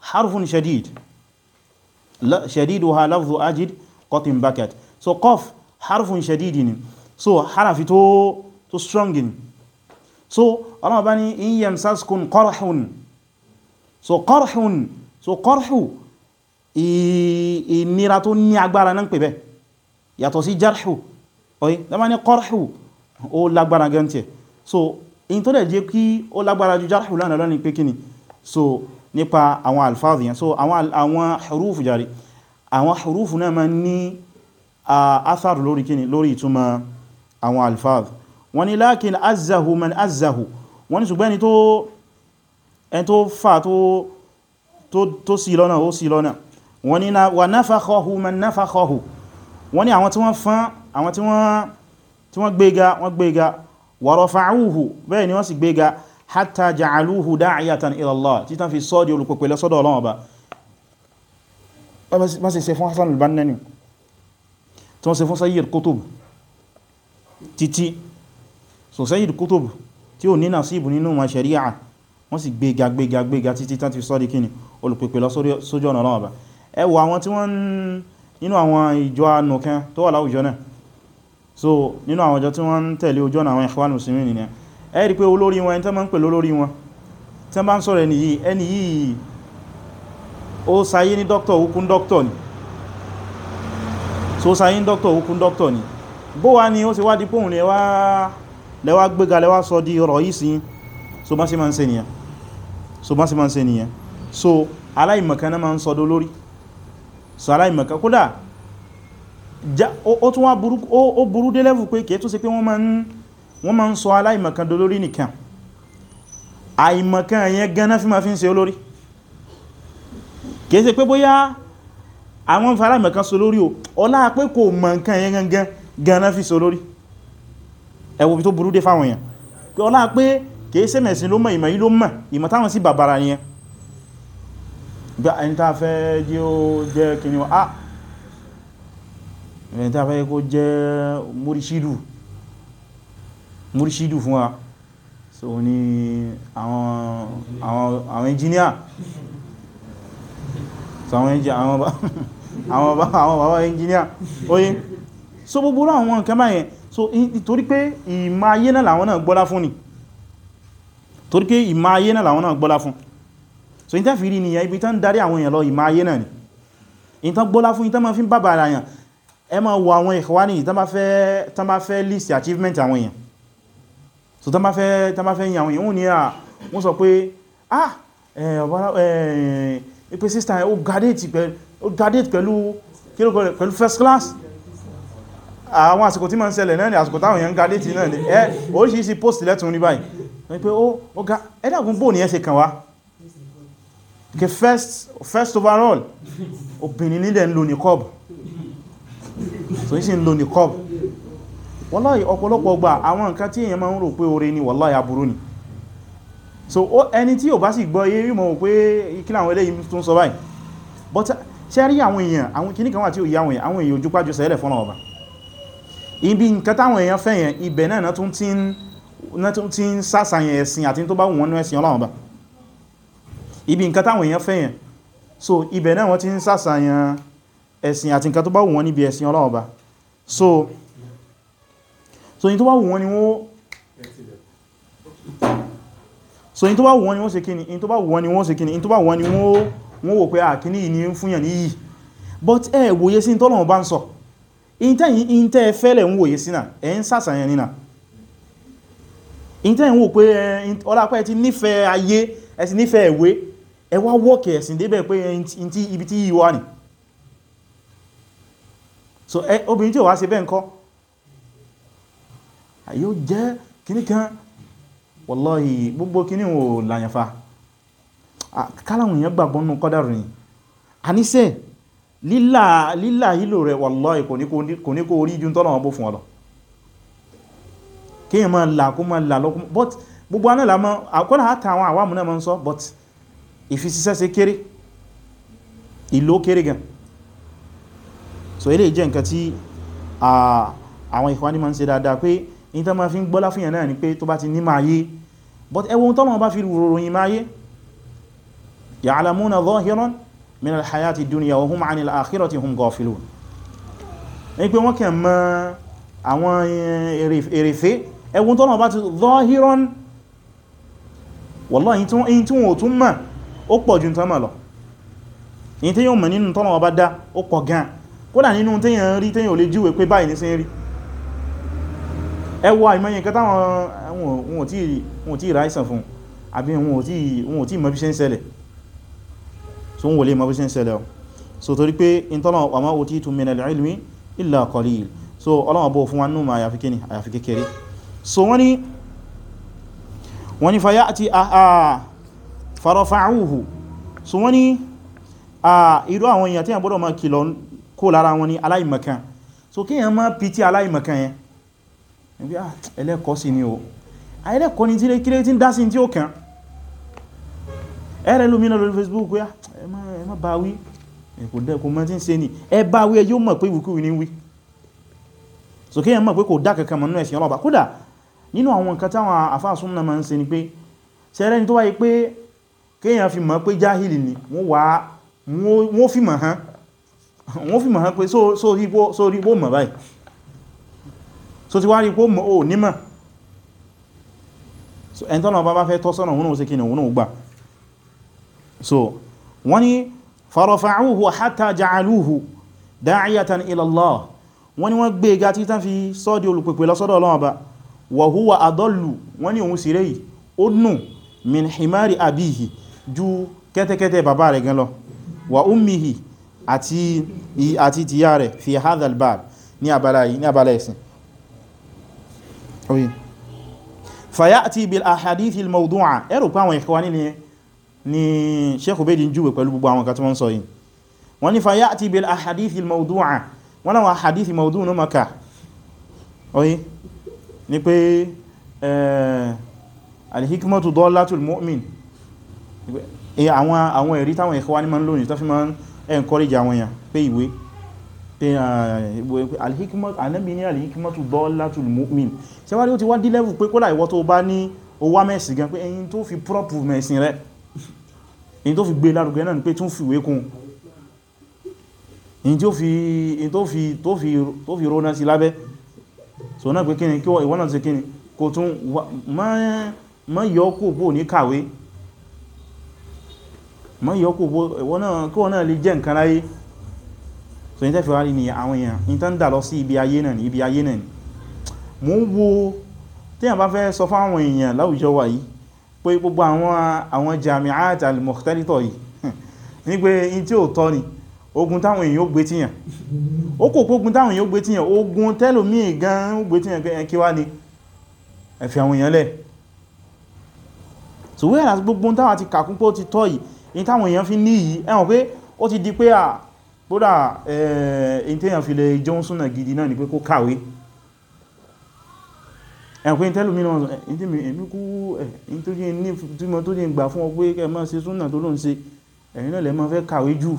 harfun shadid shadiduha lafzu ajid qatin bakat so qaf harfun shadidi ni so harafi tó tó strong ni so ọlọ́wọ́ bá ní in yamsaskun qarhun so qarhun so qarhu ìnira tó ní agbára náà pè bẹ́ yàtọ̀ sí jarhu oye dama ní qarhu ó lágbára gan so in tó dẹ̀ jẹ́ kí ó lágbára ju jarhu lánàá lọ́nà pé kíni so nípa àwọn alfáàzì yẹn so àwọn àwọn hurufu jari àwọn hurufu náà ma ní asaru lórí kíni lórí ìtumọ̀ àwọn alfaz wọ́n ní lákin azzahu man azzahu wọ́n ní ṣùgbẹ́ni tó ẹn tó fà tó sí lọ́nà ó sí lọ́nà wọ́n ní wa nafakhahu man nafakhahu wọ́n ní àwọn tí wọ́n fán àwọn tí wọ́n gbéga wọ́n gbéga wa rafa'uhu bẹ́ẹ̀ ni wọ́n sì gbéga hatta ja'aluhu da'iyatan ila Allah títàn fi sọ́dí olùpẹ̀pẹ̀lẹ́sọ́dọ̀ Ọlọ́run ọba bá sì ṣe fún Hassan al-Banna ni tí wọ́n ṣe fún Sayyid Qutb títí so Sayyid Qutb tí ó ní nasibu nínú ma ṣẹ̀ríà wọ́n sì gbéga gbéga gbéga títí tán ti sọ́rí kíni olùpèpè lọ sójú ọ̀nà ọlọ́ọ̀bá ẹwà àwọn tí wọ́n nínú àwọn ìjọ anùkan tó wà láwùjọ náà so nínú àwọn ìjọ tí wọ́n ń tẹ̀lé ojú ọ̀nà àwọn Ikhwan Muslimin nìyẹn ẹ rí pé olórí wọn ẹni tẹ́ máa ń pè lólórí wọn tẹ́ máa ń sọ̀rọ̀ ẹni yìí ẹni yìí ó sayé ní dókítà òkun dókítà ni so sayin doctor hukun doctor ni bó wá ní ó sì wá di pòhùn lẹ́wà gbéga lẹ́wà sọ di ọ̀rọ̀ yìí sí so bá sí ma ń ṣe nìyẹn so bá sí ma ń ṣe nìyẹn so aláìmọ̀kan náà ma ń sọdó lórí so aláìmọ̀kan kódà ó tún wá burú dé lẹ́fù pé kìí tó sí pé wọ́n ma ń sọ aláìmọ̀kan dó lórí nìkan àìmọ̀kan yẹn gan ma fi ń ṣe olórí kìí ṣe pé bóyá àwọn faramẹ̀ kan so lórí o ọlá pé kò mọ̀ nǹkan yẹn gangan ganan fi so lórí ẹwọ́ tó burú dé fáwọn èèyàn pé ọlá pé kìí sẹ́mẹ̀ sí ló mọ̀ ìmọ̀ yí ló mọ̀ ìmọ̀ táwọn sí bàbára yẹn bí ẹni tá fẹ́ jẹ́ ó jẹ́ kìíní wọ́n á ah! ẹni tá fẹ́ kó jẹ́ múríṣídù múríṣídù fún wa so ní àwọn engineer so àwọn engineer àwọn bá àwọn bàbá ẹnjìníà oye so gbogbo àwọn nǹkan báyẹn so torí pé ìmá ayé náà làwọn náà gbọ́lá fún ni torí pé ìmá ayé náà làwọn náà gbọ́lá fún so ìtẹ́ fi rí nìyà ibi tán darí àwọn èèyàn lọ ìmá ayé náà ni ìtàn gbọ́lá fún ìtàn ma fi ń bàbà ara yàn ẹ ma wo àwọn ìkwá ní tán bá fẹ́ list achievement àwọn èèyàn so tán bá fẹ́ yin àwọn èèyàn ní à wọ́n sọ pé ah ẹ̀ ọ̀bára ẹ̀ pé sísta ó gádẹ́ẹ̀tì pẹ̀lú ó graduate pẹ̀lú kílòkò rẹ̀ pẹ̀lú first class àwọn àsìkò tí ma ń ṣẹlẹ̀ náà ni àsìkò táwọn èèyàn graduate náà ni ẹ oríṣiríṣi post lẹ́tùn ní báyìí pé ó ga ẹ́dàgún bò ní ẹ́sẹ̀ kan wá ke first first overall obìnrin nílẹ̀ ń lò ní cob so yí sí ń lò ní cob wallahi ọ̀pọ̀lọpọ̀ gbà àwọn nǹkan tí èèyàn máa ń rò pé oore ni wallahi aburú ni so ẹni tí ò bá sì gbọ́ yé yíò mọ̀ pé kí làwọn eléyìí tó ń sọ báyìí but ṣe àwọn èèyàn àwọn kìíní kan wà tí ó yí àwọn èèyàn àwọn èèyàn sẹ́lẹ̀ fún ọba ibi nǹkan táwọn èèyàn fẹ́yẹn ibẹ̀ náà tún ti ń sàṣàyàn ẹ̀sìn àti tó bá wù wọ́n ẹ̀sìn ọlọ́run ibi nǹkan táwọn èèyàn fẹ́yẹn so ibẹ̀ náà wọ́n ti ń sàṣàyàn ẹ̀sìn àti nǹkan tó bá wù níbi ẹ̀sìn ọlọ́run so so ní tó bá wù ni wọ́n so ní tó bá wù ni wọ́n ṣe kíni ní tó bá wù ni wọ́n ṣe kíni ní tó bá wù ni wọ́n wọ́n wò pé àkíní ní ń fúnyàn ní but ẹ wòye sí tọ́lọ̀ bá ń sọ ìntẹ́ fẹ́lẹ̀ ń wòye sí náà ẹ̀ ń sàṣàyàn nínà ìntẹ́yìn wò pé ọlápẹ́ ti nífẹ̀ẹ́ ayé ẹ ti nífẹ̀ẹ́ ìwé ẹ ibi tí yìí wà so obìnrin tí ò wá ṣe bẹ́ẹ̀ ńkọ́ yóò jẹ́ kíníkan gbogbo Ah, káláwọn èèyàn gbàgbọ́ nínú kọ́dàrù yìí a ní sẹ́ lílà ìlò rẹ̀ wallahi kò ní kó orí jù tọ́lọ̀wọ́ bó fún ọlọ kíyàn máa là kó máa là lọ́kún but gbogbo anáà lámọ́ àkọ́lá àtà àwọn àwàmù náà máa ń sọ but ìfisíṣẹ́ sí kéré ìlò kéré gan so ilé jẹ́ nǹkan tí àwọn ìkwá ní máa ń ṣe dáadáa pé ní tán máa fi ń gbọ́lá fún náà ni pé tó bá ti ní máa yé but ẹwọ́n tọ́mọ̀ bá fi ròròyìn máa yé ya'lamuna zahiran min al-hayati dunya wa hum 'ani al-akhirati hum ghafilun ní pé wọ́n kẹ mọ́ àwọn èrèfé ẹwùn tọ́nà bá ti zahiran wallahi in tí wọ́n tún mọ̀ ó pọ̀ jù tán mọ̀ lọ in tí yóò mọ̀ nínú tọ́nà ọba dá ó pọ̀ gan kódà nínú téyàn rí téyàn ò lè jíwẹ̀ pé báyìí ní sí rí ẹwọ àìmọye nǹkan táwọn wọn ò tí ìráìsàn fún àbí wọn ò tí mọ̀ bí ṣe ń ṣẹlẹ̀ so n wòlé ma bí sí ń ṣẹlẹ̀ so torí pé in tọ́lọ̀ wa ma utitu min al-ilmi illa qalil so ọlọ́wọ́ bó fún wa nínú ma àyàfi kíni àyàfi kékeré so wọ́n ni wọ́n ni fayá àti farafa'uhu so wọ́n ni irú àwọn èèyàn tí a gbọ́dọ̀ ma kìlọ̀ kó lára wọn ni aláìmọ̀kan so kí èèyàn má pìtì aláìmọ̀kan yẹn níbi ah, ẹlẹ́kọ́ sí ni o ah, ẹlẹ́kọ́ ni tí lé kílé tí ń dá sí tí Facebook ya má bá wí kò dẹ́ kò mọ́ tí ń ṣe ní ẹ bá wí ẹ mọ̀ pé ìwìkúwì ní wí so kí ẹ mọ̀ pé kò dá kankan mọ̀ nínú ẹ̀sìn ọlọ́ba kódà nínú àwọn nǹkan táwọn àfáàsún náà máa ń ṣe ni pé ṣẹrẹ́ ni tó wáyé pé kéèyàn fi mọ̀ pé jáhìlì ni wọ́n wá wọ́n fi mọ̀ hàn wọ́n fi mọ̀ hàn pé sórí ipò mọ̀ báyìí so ti wá rí ipò mọ̀ ò nímọ̀ so ẹ̀ntọ́nà bá bá fẹ́ tọ́sọ́nà òun náà ó ṣe kí ni òun gbà so wọ́n ni farafa'uhu hatta ja'aluhu da'iyatan ila Allah wọ́n ní wọ́n gbé ga tí tán fi sọ́dí olùpẹ̀pẹ̀ lọ́sọ́dọ̀ Ọlọ́run Ọba wa huwa adallu wọ́n ní òun sírẹ́ yìí ó nù min himari abihi ju kẹ́tẹ́kẹ́tẹ́ bàbá rẹ̀ gan lọ wa ummihi àti àti tìyá rẹ̀ fi hadha albab ní abala yìí ní abala ẹ̀sìn fayati bil ahadithi al mawdu'a ẹrù pa àwọn ìkọwa nínú ni sheikh obedi júwe pẹ̀lú gbogbo àwọn kàtí wọ́n sọ yìí wọ́n ní fayá àti bil ahadithi maudu'a wọ́n láwọn ahadithi maudu'a ní maka oyi ni pé alhikimatu dọ́látul mu'min e, àwọn ẹ̀rí táwọn ẹ̀kọ́ wá ní ma ń lónìí tó fi ma ń encourage àwọn èèyàn pé ìwé pé alhikimatu anábi ní alhikimatu dọ́látul mu'min ṣe wá rí ó ti wá dí level pé kó láìwọ́ tó bá ní owó mẹ́sì gan pé ẹ̀yin tó fi prop mẹ́sìn rẹ̀ in tó fi gbé lárugẹ náà ni pé tún fìwé kún in tó fi tó fi róná sí lábẹ́ so náà pé kíni kí ìwọ́n náà ṣe kíni kò tún ma yọ kò bó ní kàwé ma yọ kò bó ìwọ́n náà kí wọ́n náà lè jẹ́ nǹkan láyé so ní tẹ́fẹ̀ẹ́ wárí ni àwọn èèyàn ní tán dà lọ sí ibi ayé náà ní ibi ayé náà ni mo ń wo tí àwọn bá fẹ́ sọ fáwọn èèyàn láwùjọ wà yìí pé gbogbo àwọn àwọn jami'at al-mukhtalita yìí ní pé in tí ó tọ́ ni ogun táwọn èèyàn ó gbé tíyàn ó kò pógun táwọn èèyàn ó gbé tíyàn ogun tẹ́lòmíì gan ó gbé tíyàn pé ẹkí wá ní ẹ̀fẹ̀ àwọn èèyàn lẹ̀ so whereas gbogbo táwọn ti kàkún pé ó ti tọ́ yìí in táwọn èèyàn fi ní yìí ẹ̀wọ̀n pé ó ti di pé à bódà ẹ̀ẹ́n tí èèyàn fi lè jẹun súnà gidi náà ni pé kó kàwé ẹ̀kùn tẹ́lùmínà ẹ̀mí kú ẹ̀yìn tó jẹ́ ní túnmọ̀ tó jẹ́ ìgbà fún ọ pé kẹ́ máa ṣe súnà tó ló ń ṣe ẹ̀yìn náà lẹ máa fẹ́ kàwé jù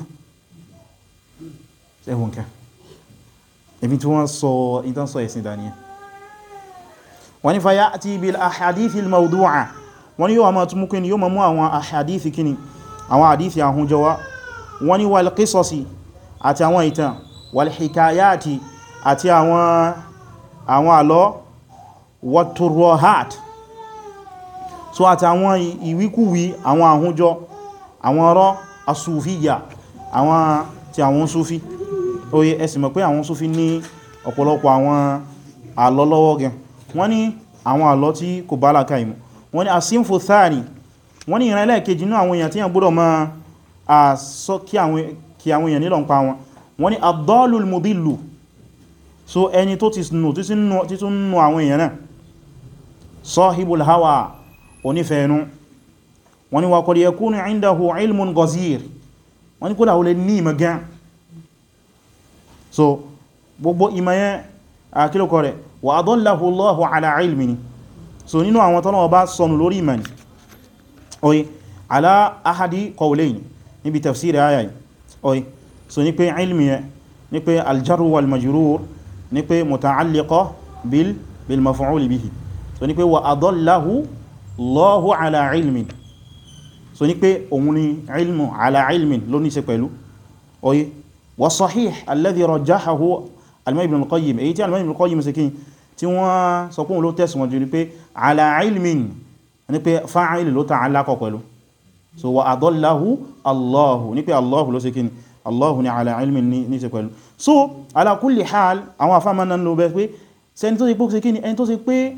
ẹ̀wọ̀n kẹ́ ẹ̀bí tí wọ́n sọ ìtàn sọ ẹ̀sìn daniel wọ́n ní fàyá àti ibi àhàdífì maudu'a wọ́n ní yóò ni yóò máa mú wàtúrọ̀hát so àti àwọn ìwíkúwí àwọn àhúnjọ àwọn ọ̀rọ̀ asúfíyà àwọn tí àwọn súfí oye ẹ̀sìn mọ̀ pé àwọn súfí ní ọ̀pọ̀lọpọ̀ àwọn àlọ́ lọ́wọ́ gẹn wọ́n ní àwọn àlọ́ tí kò bá láka ìmọ̀ wọ́n ní asínfò tháàrí wọ́n ní ìrìnlẹ̀ kejì ní àwọn èèyàn tí yàn gbọ́dọ̀ máa àsọ so ẹni tó ti nù títún nù sahibul hawa onífẹ́ẹ̀nú wọ́n ni wa qad yakunu indahu ilmun gazir wọ́n ni kó dáwọlé ní ìmọ̀ gan so gbogbo ìmọ̀ yẹn àkílùkọ rẹ̀ wa adallahu Allahu ala ilmi ni so nínú àwọn tọ́nà ọba sọnù lórí ìmọ̀ ni oye ala ahadi qawlayn níbi tafsiri aya yìí oye so ní pé bil bil maf'ul bihi so ní pé wa adallahu Allahu ala ilmin so ní pé òun ni ilmu ala ilmin ló ní ṣe pẹ̀lú oye wa sahih alladhi rajjahahu al-imam ibn al-qayyim èyí tí al-imam ibn al-qayyim ṣe kín tí wọ́n sọ pé òun ló tẹ̀sùn jù ní pé ala ilmin ní pé fa'il ló ta alákọ̀ pẹ̀lú so wa adallahu Allahu ní pé Allahu ló ṣe kín Allahu ni ala ilmin ní ṣe pẹ̀lú so ala kulli hal àwọn afámanan ló bẹ́ pé sẹni tó ṣe pé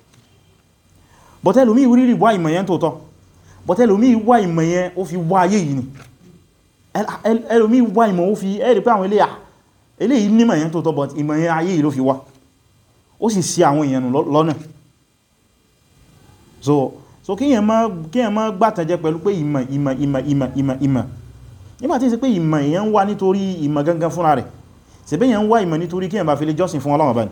but ẹlòmí rírí wá ìmọ̀ yẹn tóótọ́ but ẹlòmí wá ìmọ̀ yẹn ó fi wá ayé yìí ni ẹlòmí wá ìmọ̀ ó fi ẹ̀rì pé àwọn eléyà eléyìí nímọ̀ yẹn tóótọ́ but ìmọ̀ yẹn ayé yìí ló fi wá ó sì sí àwọn èèyàn lọ́nà so so kíyàn má gbàtànjẹ pẹ̀lú pé ìmọ̀ ìmọ̀ ìmọ̀ ìmọ̀ ìmọ̀ ìmọ̀ nígbà tí ń ṣe pé ìmọ̀ èèyàn wá nítorí ìmọ̀ gangan fúnra rẹ̀ ṣebí èèyàn wá ìmọ̀ nítorí kíyàn bá fi lè jọ́sìn fún Ọlọ́run báyìí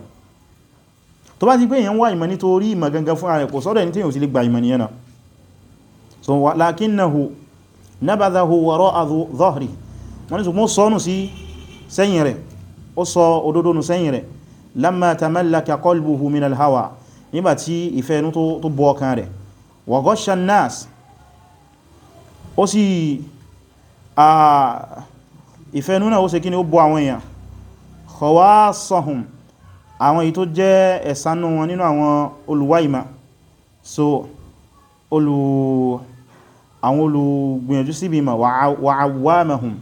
tó bá ti pé èyàn wá ìmọ̀ nítorí ìmọ̀ gangan fún ààrẹ kò sọ́dọ̀ ẹni tí yóò sì lè gba ìmọ̀ nìyẹn náà so lakinnahu nabadhahu wara'a dhahri wọ́n ni ṣùgbọ́n sọ́nù sí sẹ́yìn rẹ̀ ó sọ òdodo nù sẹ́yìn rẹ̀ lamma tamallaka qalbuhu min alhawa nígbà tí ìfẹ́ inú tó bọ́ ọkàn rẹ̀ wa ghashsha nas ó sì ìfẹ́ inú náà ó ṣe kí ni ó bọ́ àwọn èèyàn àwọn èyí tó jẹ́ ẹ̀sánú wọn nínú àwọn olùwá ìmá so olù àwọn olùgbìyànjú síbi ìmá wà awwamahum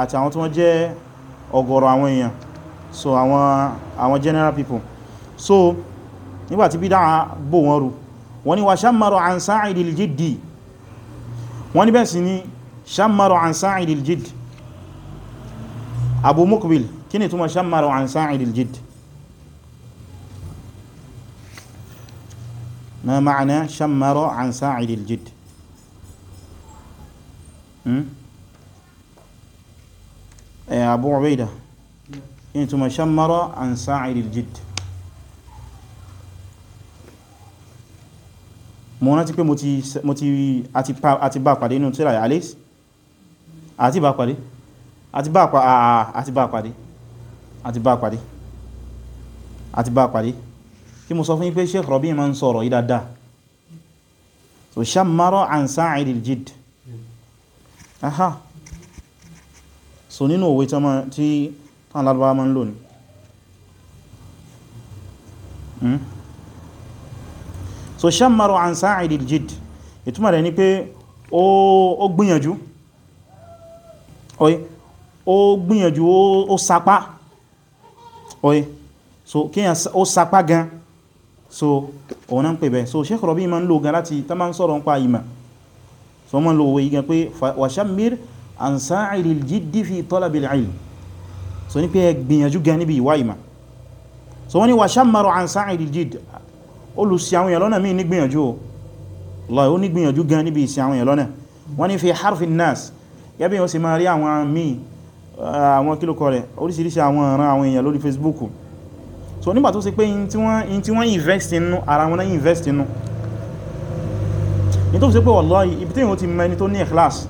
àti àwọn tí wọ́n jẹ́ ọ̀gọ̀rọ̀ àwọn èèyàn so àwọn àwọn general people so nígbàtí bídá bò wọn rú wọ́n ni wà shammaru an sa'idil jiddi ni bẹ́ẹ̀ sí ni shammaru abu mukbil kí ni túnmọ̀ shammaru an sa'idil jidd ma ma'ana shammaru an eh, sa'idil jidd abu ubaida kí ni túnmọ̀ shammaru an sa'idil jidd mo rántí pé mo ti àti bá pàdé inú tíra àlè àti bá pàdé àti bá pàdé àti bá pàdé àti bá pàdé kí mo sọ fún yín pé Sheikh ma ń sọ̀rọ̀ yí dáadáa so shammara an sa'id al-jidd aha so nínú òwe tí tán lárúbá ma ń lò ní hmm? so shammara an sa'id al-jidd ìtumọ̀ rẹ̀ ni pé ó gbìyànjú ó gbìyànjú ó sapá oye so kíyàn ó sapá gan so òun náà ń pè bẹ́ so Sheikh Rabi ma ń lò gan láti tá ma ń sọ̀rọ̀ ń pa ìmọ̀ so ma ń lò owó igan pé washamir an sa'iri al-jiddi fi talabil ilm so ní pé gbìyànjú gan níbi ìwá ìmọ̀ so wọ́n ni washammaru an sa'iri al-jiddi olùsí àwọn èèyàn lọ́nà míì ní gbìyànjú o lọ́yìn ó ní gbìyànjú gan níbi ìsí àwọn èèyàn Eh, àwọn kílòkọ rẹ̀ oríṣiríṣi àwọn ọ̀ràn àwọn èèyàn lórí Facebook so nígbà tó ṣe pé in tí wọ́n invest inú ara wọn náà invest inú ní tó fi ṣe pé wallahi ibi tí yíò ti mẹ́ni tó ní ikhlas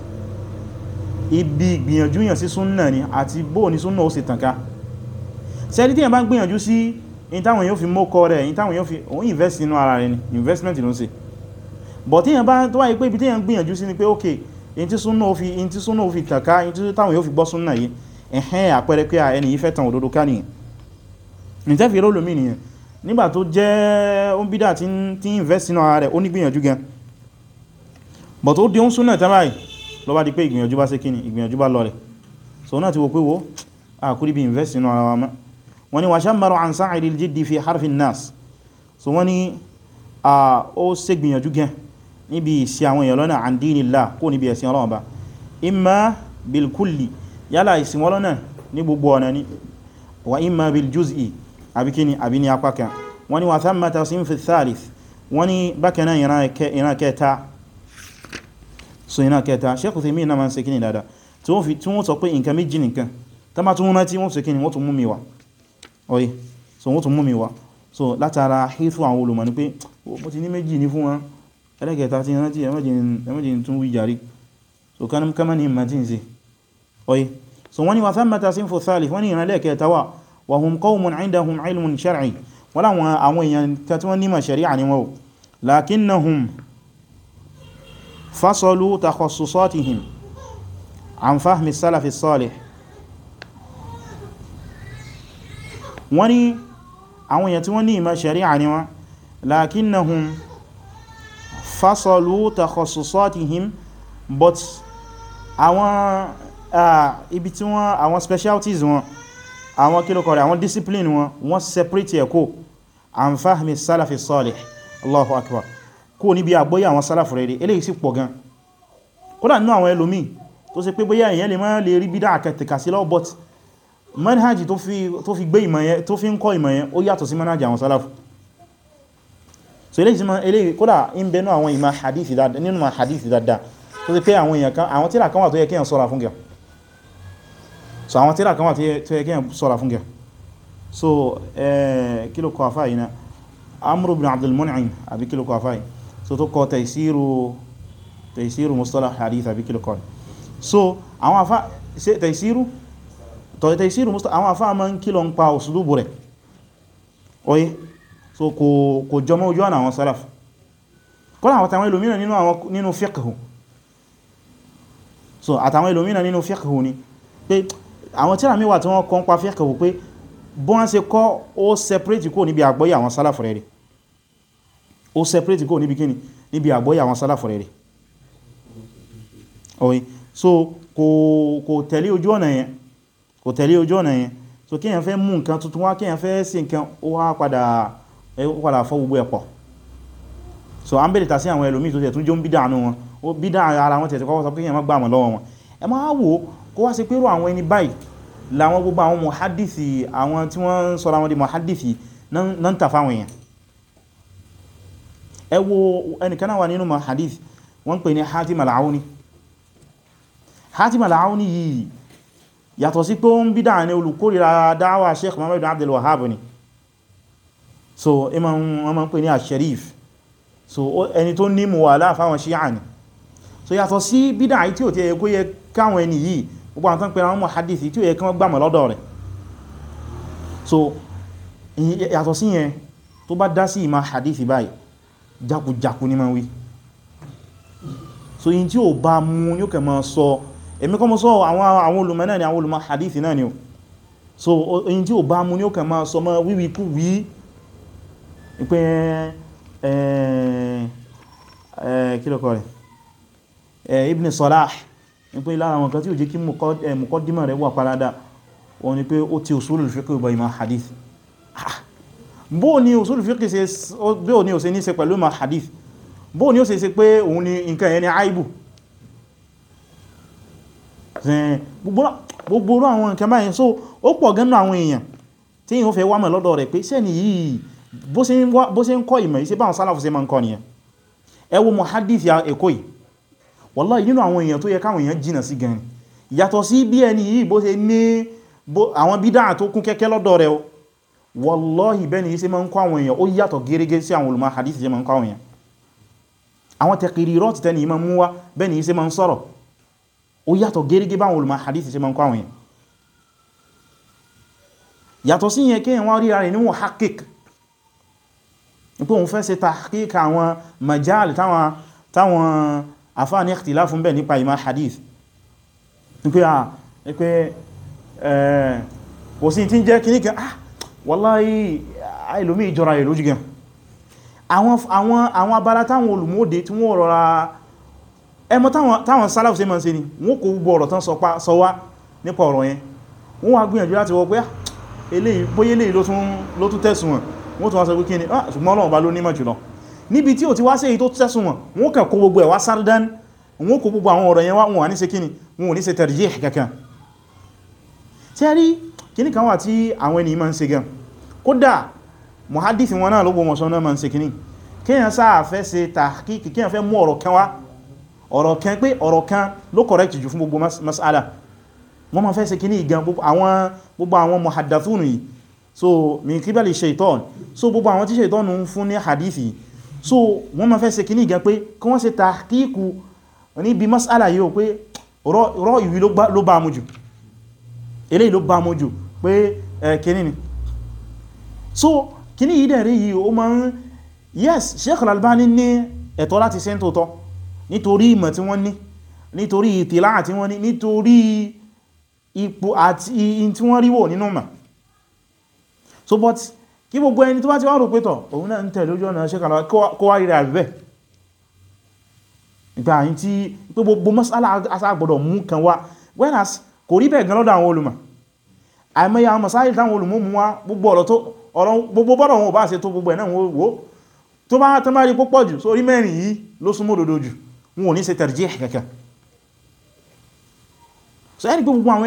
ibi ìgbìyànjú yàn sí súnnà ni àti bó ní súnnà ó sì tànká sẹ́rí tí yàn bá gbìyànjú sí in táwọn yóò fi mọ́kọ rẹ̀ in táwọn yóò fi òun invest inú ara rẹ̀ ni investment ló ń ṣe but tí yàn bá tó wáyé pé ibi tí yàn gbìyànjú sí ni pé okay in tí súnà ó fi in tí súnà ó fi tànká in tí táwọn yóò fi gbọ́ súnà yìí ẹ̀hẹ́n àpẹẹrẹ pé ẹni yìí fẹ́ tàn òdodo ká nìyẹn nìtẹ́ fi rólò mí nìyẹn nígbà tó jẹ́ ó ń bídà tí ń invest nínú ara rẹ̀ ó ní gbìyànjú gan but ó di ó ń súnà tẹ́ báyìí lọ bá di pé ìgbìyànjú bá ṣe kíni ìgbìyànjú bá lọ rẹ̀ so náà ti wo pé wo àkúrí bí invest nínú ara wa wọ́n ni wàṣán márùn àǹsáàrí jídí fi harfin nas so wọ́n ni ó ṣe gbìyànjú gan níbi ìsí àwọn èèyàn lọ́nà an dinillah kó níbi ẹ̀sìn Ọlọ́run ba imma bilkulli yálà ìsìn wọn lọ́nà ní gbogbo ọ̀nà ni wa imma biljuz'i àbí kíni àbí ní apá kan wọ́n ní wa thammata sinfi thalith wọ́n ní bákan náà ìran kẹta so ìran kẹta Shaykh Uthaymin náà máa ń ṣe kíni dáadáa tí wọ́n sọ pé nǹkan méjì nìkan tó má so látara hithu àwọn olùmọ̀ ni pé mo ti ní méjì ní fún wọn ẹlẹ́gẹ̀ta ti rántí ẹmọ́jìn tún wí jàrí so kan kaman himmatin sí oye so wani wa thammata sinfu thalith wani ìran lẹ́ẹ̀kẹta wa wa hum qawmun indahum ilmun shar'i wọ́n láwọn àwọn èèyàn kan tí wọ́n nímọ̀ shari'a ni wọ́n lakinnahum fasalu takhassusatihim an fahmi salafi salih wọ́n ní àwọn èèyàn tí wọ́n ní shari'a ni wọ́n lakinnahum fasalu takhasusatihim but àwọn ibi tí wọ́n àwọn specialties wọn àwọn kílòkọ̀ rẹ̀ àwọn discipline wọn wọ́n separate ẹ̀kọ́ an fahmi salafi salih allahu akbar kó níbi àgbóyé àwọn salafi rẹ̀ eléyìí sì pọ̀ gan kódà nínú àwọn ẹlòmí tó ṣe pé bóyá èyàn lè máa lè rí bídá àkẹtẹ̀kà sí lọ́wọ́ but manhaj tó fi gbé ìmọ̀ yẹn tó fi ń kọ́ ìmọ̀ yẹn ó yàtọ̀ sí manhaj àwọn salafi so eléyìí ma eléyìí kódà ń bẹ nú àwọn ìmọ̀ hadith dáadáa nínú ma hadith dáadáa tó ti pé àwọn èèyàn kan àwọn tíra kan wà tó yẹ kéèyàn ṣọ́ra fún gẹ̀ so àwọn tíra kan wà tó yẹ kéèyàn ṣọ́ra fún gẹ̀ so eh, kí ló kọ afá yìí náà amru bin abdul mun'im àbí kí ló kọ afá yìí so tó kọ tẹ̀síru tẹ̀síru mustalah hadith àbí kí ló kọ so àwọn afá tẹ̀síru tẹ̀síru mustalah àwọn afá máa ń kí ló ń pa òsùlùbù rẹ̀ oye so ko ko jọmọ́ ojú ọ̀nà àwọn salaf kọ́lá àwọn tàwọn ilomina nínú fiqhu so àtàwọn ilomina nínú fiqhu ni pé àwọn tíra mi wà tí wọ́n kọ́ ń pa fiqhu pé bọ́ wọ́n ṣe kọ́ ó separate kó níbi àgbọ́yé àwọn salaf rere ó separate kó níbi kíni níbi àgbọ́yé àwọn salaf rere oye so kò kò tẹ̀lé ojú ọ̀nà yẹn kò tẹ̀lé ojú ọ̀nà yẹn so kíyàn fẹ́ mú nǹkan tuntun wá kíyàn fẹ́ sí nǹkan ó wá padà ó padà fọ́ gbogbo ẹ̀pọ̀ so a ń bèèrè tàsí àwọn ẹlòmí tó tẹ̀ tún jó ń bídà nù wọn ó bídà ara wọn tẹ̀tẹ̀ kọ́kọ́ sọ pé èèyàn má gbà mọ̀ lọ́wọ́ wọn ẹ máa wò kó wá sí pé irú àwọn ẹni báyìí làwọn gbogbo àwọn mọ̀hádìsì àwọn tí wọ́n ń sọ àwọn di mọ̀hádìsì náà ń tà fáwọn èèyàn ẹ wo ẹnìkan wà nínú mọ̀hádìsì wọ́n pè ní Hatim al-Auni Hatim yìí yàtọ̀ sí pé ó ń bídà ní olùkórìíra dáwà Sheikh Muhammad Abdul Wahhab ni so Imam ma ń pè ní al-sharif so ẹni tó ní muwala fáwọn Shia ni so yàtọ̀ sí bídá tí ò tí ẹ kó yẹ káwọn ẹni yìí gbogbo àwọn tán pẹ̀lú àwọn muhadith tí ò yẹ kán gbàmọ̀ lọ́dọ̀ rẹ̀ so yàtọ̀ sí yẹn tó bá dá sí ìmá hadith báyìí jákujàku ní máa wí so yìí tí ò bá mú ní ó kẹ máa sọ èmi kọ́ mọ́ sọ àwọn olùmọ̀ náà ni àwọn olùmọ̀ hadith náà ni so yìí tí ò bá mú ní ó kẹ máa sọ máa wíwí kú wí pé kílọ̀kọ̀ rẹ̀ Ibn Salah ní pé lára wọn kan tí ó jẹ́ kí muqaddima rẹ̀ wà parada wọn ni pé ó ti usulul fiqh bá ìmá hadith ah, bó ní usulul fiqh ṣe bí ò ní ò ṣe ní ṣe pẹ̀lú ìmá hadith bó ní ni nǹkan ẹni aibu gbogbo àwọn nǹkan báyìí so ó pọ̀ gẹ́nu àwọn èèyàn tí yíò fẹ́ wá lọ́dọ̀ rẹ̀ pé sẹ́ni yìí bó ṣe ń kọ́ ìmọ̀ yìí ṣe báwọn sálàfù ṣe máa ń kọ́ nìyẹn ẹ wo muhadith ya èkó yìí wallahi nínú àwọn èèyàn tó yẹ káwọn èèyàn jìnà sí gan yàtọ̀ sí bí ẹni yìí bó ṣe ní àwọn bídá tó kún kẹ́kẹ́ lọ́dọ̀ rẹ̀ o wallahi bẹ́ni yìí ṣe máa ń kọ́ àwọn èèyàn ó yàtọ̀ gẹ́rẹ́gẹ́ sí àwọn olùmọ̀ hadith ṣe máa ń kọ́ àwọn rẹ̀ níwọ̀n hakik pé òun fẹ́ ṣe tahqiq àwọn majal táwọn táwọn àfáà ní ikhtilaf fún bẹ̀ nípa ìmá hadith pé à pé kò sí tí ń jẹ́ kìníkà ah wallahi àìlòmí ìjọra ẹ̀ lójú gan àwọn abala táwọn olùmọ́dé tí wọ́n rọra ẹmọ táwọn sálàfù sí mọ́n sí ni wọ́n kò gbogbo ọ̀rọ̀ tán sọ wá nípa ọ̀rọ̀ yẹn wọ́n wá gbìyànjú láti wò pé ah, eléyìí bóyé eléyìí ló tún tẹ̀sùn wọn wọ́n tó wá sọ pé kíni ah ṣùgbọ́n Ọlọ́run bá ló nímọ̀ jùlọ níbi tí ò ti wá sí èyí tó tẹ́sùn wọn wọ́n kàn kó gbogbo ẹ̀ sardan wọ́n kó gbogbo àwọn ọ̀rọ̀ yẹn wá wọn wà ní ṣe kíni wọn ò ní ṣe tarjih kankan tí a rí kíní kan wà tí àwọn ènìyàn máa ń ṣe gan kódà muhadith wọn náà lógbò mọ̀sán náà máa ń ṣe kíní kíyàn sáà fẹ́ ṣe tàkíkì kíyàn fẹ́ mú ọ̀rọ̀ kan wá ọ̀rọ̀ kan pé ọ̀rọ̀ kan ló correct jù fún gbogbo mas'ala wọ́n máa fẹ́ ṣe kíní gan gbogbo àwọn muhaddathun yìí so min kíbàlì shaitan so gbogbo àwọn tí shaitan ń fún ní hadithi so wọ́n ma fẹ́ ṣe kí ní ìgá pé kí wọ́n ṣe tàkíkù ní bí masala yíò pé rọ ìwí ló bá mú jù eléyìí ló bá mú jù pé kíní ni so kíní yìí dẹ̀ rí yìí ó ma ń yes Sheikh Al-Albani ní ẹ̀tọ́ láti ṣe ń tó tọ́ nítorí ìmọ̀ tí wọ́n ní nítorí ìtìlá àti wọ́n ní nítorí ipò àti in tí wọ́n ríwò nínú mọ̀ so but kí gbogbo ẹni tó bá ti wá rò pé tọ̀ òun náà ń tẹ̀ lójú ọ̀nà ṣe kàlọ́ kó wá rírà rẹ̀ bẹ́ẹ̀ ìgbà àyín tí pé gbogbo masala aságbọ̀dọ̀ mú kan wá whereas kò rí bẹ́ẹ̀ gan lọ́dọ̀ àwọn olùmọ̀ àìmọye àwọn masáyì táwọn olùmọ̀ mú wá gbogbo ọ̀rọ̀ tó ọ̀rọ̀ gbogbo bọ́rọ̀ wọn ò bá ṣe tó gbogbo ẹ̀ náà wó tó bá tán bá rí púpọ̀ jù sórí mẹ́rin yìí ló súnmọ́ òdodo jù wọn ò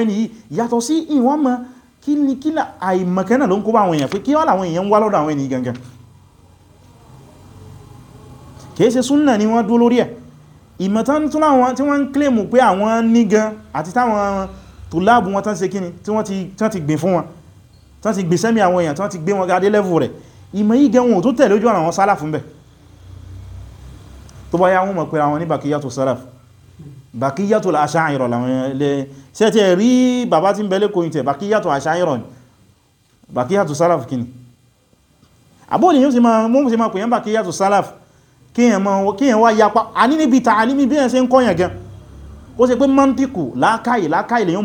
ní kí ni kí ní àìmọ̀kẹ́nà ló ń kó bá àwọn èèyàn pé kí wá làwọn èèyàn ń wá lọ́dọ̀ àwọn ènìyàn gangan kìí ṣe súnnà ni wọ́n dúró lórí ẹ̀ ìmọ̀tán tí wọ́n ń kílèmù pé àwọn ní gan àti táwọn tó láàbù wọn tán ṣe kíni tí wọ́n ti gbìn fún wọn tán ti gbìn sẹ́mi àwọn èèyàn tán ti gbé wọn gadé lẹ́vù rẹ̀ ìmọ̀ yìí gan wọn tó tẹ̀lé ojú ọ̀nà wọn sálàfù ń bẹ̀ tó bá yá wọn mọ̀ bàkíyàtò àṣáyìrọ̀ làwọn ilé ṣe tí ẹ rí bàbá tí ń bẹ̀lẹ̀ kò ìtẹ̀ bàkíyàtò àṣáyìrọ̀ ni bàkíyàtò salaf kí ni àbóòlì yóò sì máa mú sí máa pè yán bàkíyàtò salaf kíyàn wá yapa a ní níbi ta a ní bí ẹ̀ ṣe ń kọ́yàn gan ó ṣe pé mọ́ntíkù láákàyè láákàyè lè yóò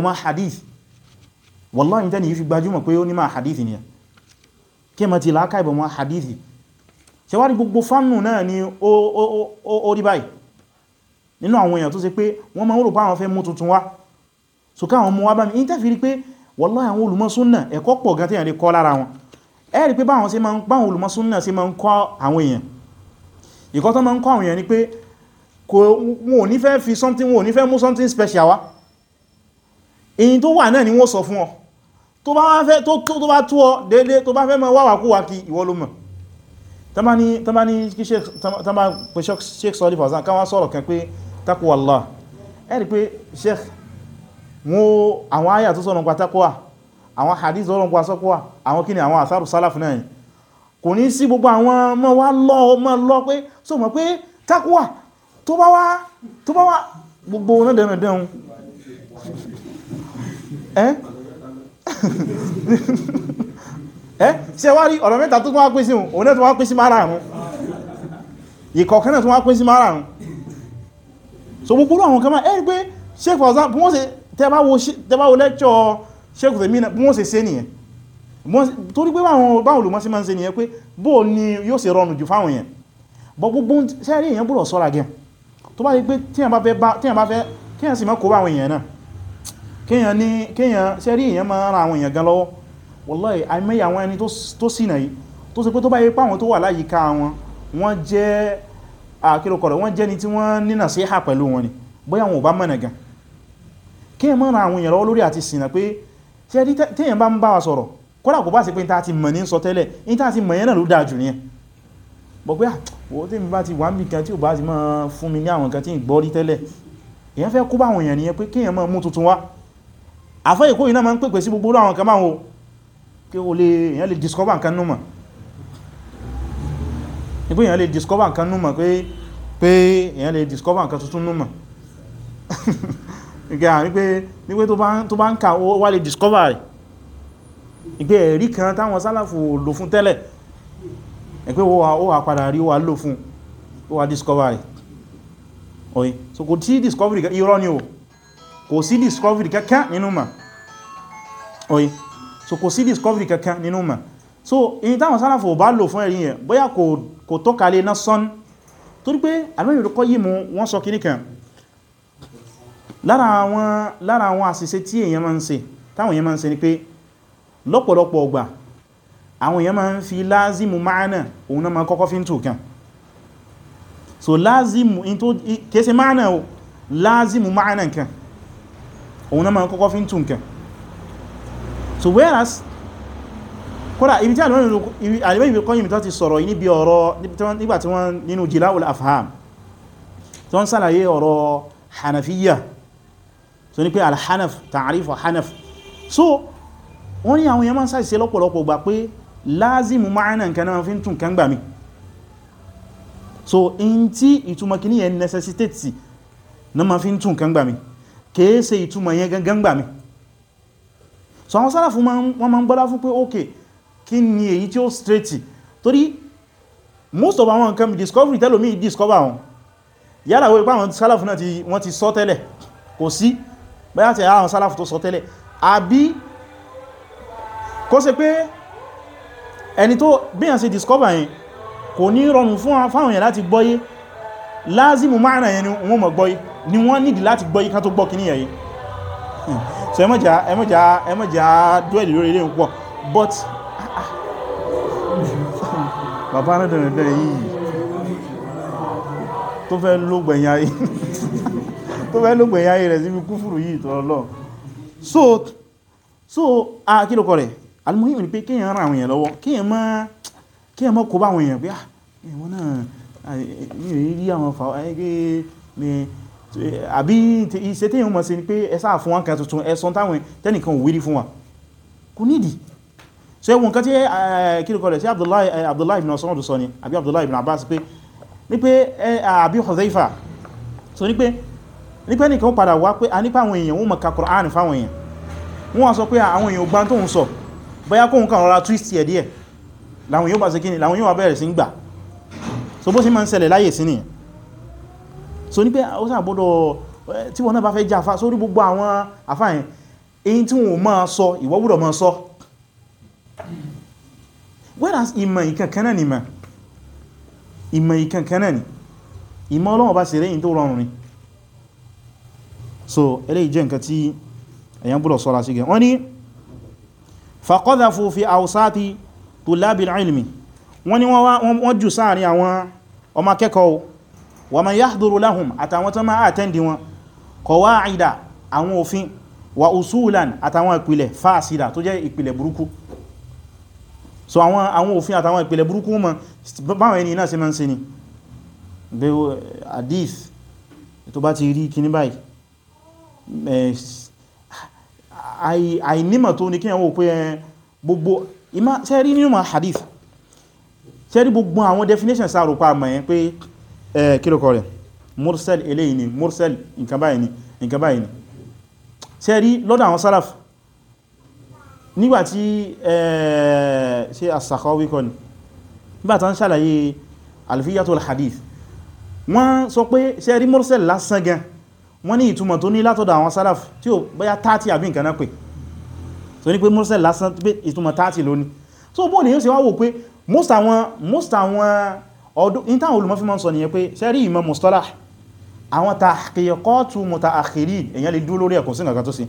mọ̀ kí wallahi tẹ́ni fi gbajúmọ̀ pé ó ní máa hadith nìyàn kí ẹmọ ti láákà ìbọn wọn hadithi ṣe wá rí gbogbo fánù náà ni ó rí báyìí nínú àwọn èèyàn tó ṣe pé wọ́n ma ń rò báwọn fẹ́ mú tuntun wá so káwọn mú wá bá mi in tẹ́fì rí pé wallahi àwọn olùmọ́súnnà ẹ̀kọ́ pọ̀ gan tíyàn lè kọ́ lára wọn ẹ rí pé báwọn ṣe máa ń báwọn olùmọ́súnnà ṣe máa ń kọ́ àwọn èèyàn ìkọ́ tó máa ń kọ́ àwọn èèyàn ni something wọn ò ní fẹ́ something special wá èyí tó wà náà ni wọ́n sọ fún ọ tó bá fẹ́ tó tó bá tó ọ dédé tó bá fẹ́ mọ́ wà kúwà kí ìwọ ló mọ̀ tàbá ní kí sheikh sọ́lì fàzán káwọn sọ́rọ̀ kan pé takuwa Allah ẹni pé sheikh mú àwọn àyà tó sọ́rọ̀ nípa takuwa àwọn hadith sọ́rọ̀ nípa sọ́kúwà àwọn kíni àwọn àsárù sálàfù náà kò ní sí gbogbo àwọn mọ́ wá lọ mọ́ lọ pé so mọ̀ pé takuwa tó bá wá tó bá wá gbogbo náà dẹ̀mẹ̀dẹ̀ ẹ́ eh? ṣe wá rí ọ̀rọ̀ mẹ́ta tó wá pín sí òun náà tó wá pín sí márààrún ìkọ̀ọ̀kan náà tó wá pín sí márààrún so gbogbo àwọn kan máa ẹ́ rí pé sheik fawzan bí wọ́n ṣe tẹ́báwo lẹ́kṣọ́ sheik fèmí bí wọ́n ṣe ṣe nìyẹn torí pé báwọn olùmọ́ sí máa ń ṣe nìyẹn pé bó ni yóò ṣe rọrùn jù fáwọn èèyàn bọ́ gbogbo sẹ́rí èèyàn gbọ́dọ̀ sọ́ra gẹn tó bá rí pé tíyàn bá fẹ́ tíyàn sì mọ́ kó báwọn èèyàn náà kíyàn ní kíyàn sẹ́rí èyàn máa ra àwọn èyàn gan lọ́wọ́ wallahi àìmẹ́yà àwọn ẹni tó ṣìnà yìí tó ṣe pé tó bá yẹ páwọn tó wà láyìíká wọn wọ́n jẹ́ àkílòkọ̀rọ̀ wọ́n jẹ́ ni tí wọ́n ní nasiha pẹ̀lú wọn ni bóyá wọn ò bá mọ̀nà gan kíyàn máa ra àwọn èyàn lọ́wọ́ lórí wa sọ̀rọ̀ kódà kò bá ṣe pé ní ta ti mọ̀ ní sọ tẹ́lẹ̀ ní ta ti mọ̀ yẹn náà ló dáa jù nìyẹn bọ̀ pé àwọ̀ tí mi bá ti wà ń bí fẹ́ kó bá àwọn èèyàn nìyẹn pé kéèyàn máa mú tuntun wá àfẹ́ ìkó iná ma ń pèpè sí gbogbo àwọn kan máa wo kí o lè èyàn lè discover nǹkan númọ̀ ìpé èyàn lè discover nǹkan númọ̀ pé èyàn lè discover nǹkan tuntun númọ̀ ìgbà wípé wípé tó bá ń ka ó wá lè discover ìgbé ẹ̀rí kan táwọn sálàfò lò fún tẹ́lẹ̀ ìgbé ó wà padà rí wà lò fún ó wà discover rẹ̀ ni o kò sí discovery kankan nínú ma oye so kò sí discovery kankan nínú ma so in táwọn sálàfò bá lò fún ẹ̀rí yẹn bóyá kò tọ́kalẹ̀ náà sọ́n torí pé alóyìn olùkọ́ yìí mú wọ́n sọ kí nìkan lára àwọn àṣìṣe tí èyàn máa ń ṣe táwọn èyàn máa ń ṣe ni pé lọ́pọ̀lọpọ̀ ọgbà àwọn èyàn máa ń fi lázimu máànà òun náà máa kọ́kọ́ fi ń tù so lázimu in tó kése máànà lázimu máànà kan òun náà ma kọ́kọ́ fi ń tún nǹkan so whereas kódà ibi tí àlẹ́mẹ́ ìbí kọ́yìn tó ti sọ̀rọ̀ níbi ọ̀rọ̀ nígbàtí wọ́n nínú jìláwò afham tó ń sàlàyé ọ̀rọ̀ hanafiya so ní pé alhanaf ta'arifu hanaf so wọ́n ní àwọn yaman sáìsẹ lọ́pọ̀lọpọ̀ gbà pé lázimu ma'ana nǹkan náà fi ń tún kan gbà so in tí ìtumọ̀ kìíní yẹn necessitate na ma fi ń tún kan gbà kèé ṣe ìtumọ̀ yẹn gangan gbà so àwọn sálàfù wọ́n ma ń gbọ́lá fún pé ok kí ni èyí tí ó straight torí most of àwọn nǹkan discovery tẹ́lòmí discover wọn yálà wípé àwọn sálàfù náà wọ́n ti sọ tẹ́lẹ̀ kò sí báyá tẹ̀ àwọn sálàfù tó sọ tẹ́lẹ̀ àbí kó ṣe pé ẹni tó bíyàn ṣe discover yẹn kò ní rọrùn fún àwọn èèyàn láti gbọ́yé láàzìmù márùn-ún yẹn ni wọ́n mọ̀ gbọ́yí ni wọ́n nìdí láti gbọ́yí ká tó gbọ́ kìíní yẹn hmm. so ẹmọ́já ẹmọ́já ẹmọ́já dúẹ̀lì lórí ilé púpọ̀ but bàbá rẹ̀dẹ̀rẹ̀dẹ̀ yìí tó fẹ́ lógbẹ̀yà ayé rẹ̀ síbi kúfùrù yìí tọ́rọ so so a kílòkọ rẹ̀ almuhim ni pé kíyàn ràn àwọn èèyàn lọ́wọ́ kíyàn mọ́ kó bá àwọn èèyàn pé ah náà Eh, mi rí rí àwọn fà eh, àbí iṣẹ́ tí yíò mọ̀ sí ni pé ẹsá fún wọn kan tuntun ẹsọ́n táwọn tẹ́nìkan ò wírí fún wọn kò nídìí so ẹwọ nǹkan tí eh, kíríkọlẹ̀ sí Abdullahi ibn Mas'ud sọ ni àbí Abdullahi ibn Abbas pé ní pé ah, àbí Hudhaifa so ní pé a nípa àwọn èèyàn wọ́n mọ̀ ka Qur'an fáwọn èèyàn wọ́n wá sọ pé ah, àwọn èèyàn gbá tó ń sọ bóyá kóhun kan rọra twist ẹ̀ díẹ̀ làwọn yóò bá ṣe kíni so bó sì máa ń ṣẹlẹ̀ láyè sí nìyẹn so ní pé ó sàgbọ́dọ̀ tí wọ́n náà bá fẹ́ jà fa sórí gbogbo àwọn àfáàyàn èyí tí wọ́n máa sọ ìwọ máa sọ whereas ìmọ̀ ìkankan náà ni mà ni wọ́n jù sáàrin àwọn ọmọ akẹ́kọ̀ọ́ wa man yahduru lahum àtàwọn tó máa àtẹ́ndì wọn qawaida àwọn òfin wa usulan àtàwọn ìpìlẹ̀ fásida tó jẹ́ ìpìlẹ̀ burúkú so àwọn àwọn òfin àtàwọn ìpìlẹ̀ burúkú mọ̀ ṣe rí gbogbo àwọn definition sáàrùpá àmọ̀ yẹn pé kílòkọ rẹ̀ mursal eléyìí ni mursal nǹkan báyìí ni nǹkan báyìí ni ṣe rí lọ́dọ̀ àwọn salaf nígbàtí ṣe as-Sakhawi kọ́ ni nígbàtí wọ́n ṣàlàyé alfiyatul hadith wọ́n sọ pé ṣe rí mursal lásán gan wọ́n ní ìtumọ̀ tó ní látọ̀dọ̀ àwọn salaf tí ó bóyá 30 àbí nǹkan náà pé so ní pé mursal lásán pé ìtumọ̀ 30 lónìí so bóò ni yóò ṣe wá wò pé most àwọn most àwọn ọdún ní táwọn olùmọ́ fi mọ́ sọ nìyẹn pé sẹ́rí ìmọ̀ mustalah àwọn tahqiqatu mutaakhirin èyàn lè dúró lórí ẹ̀kùn sí nǹkan tó sí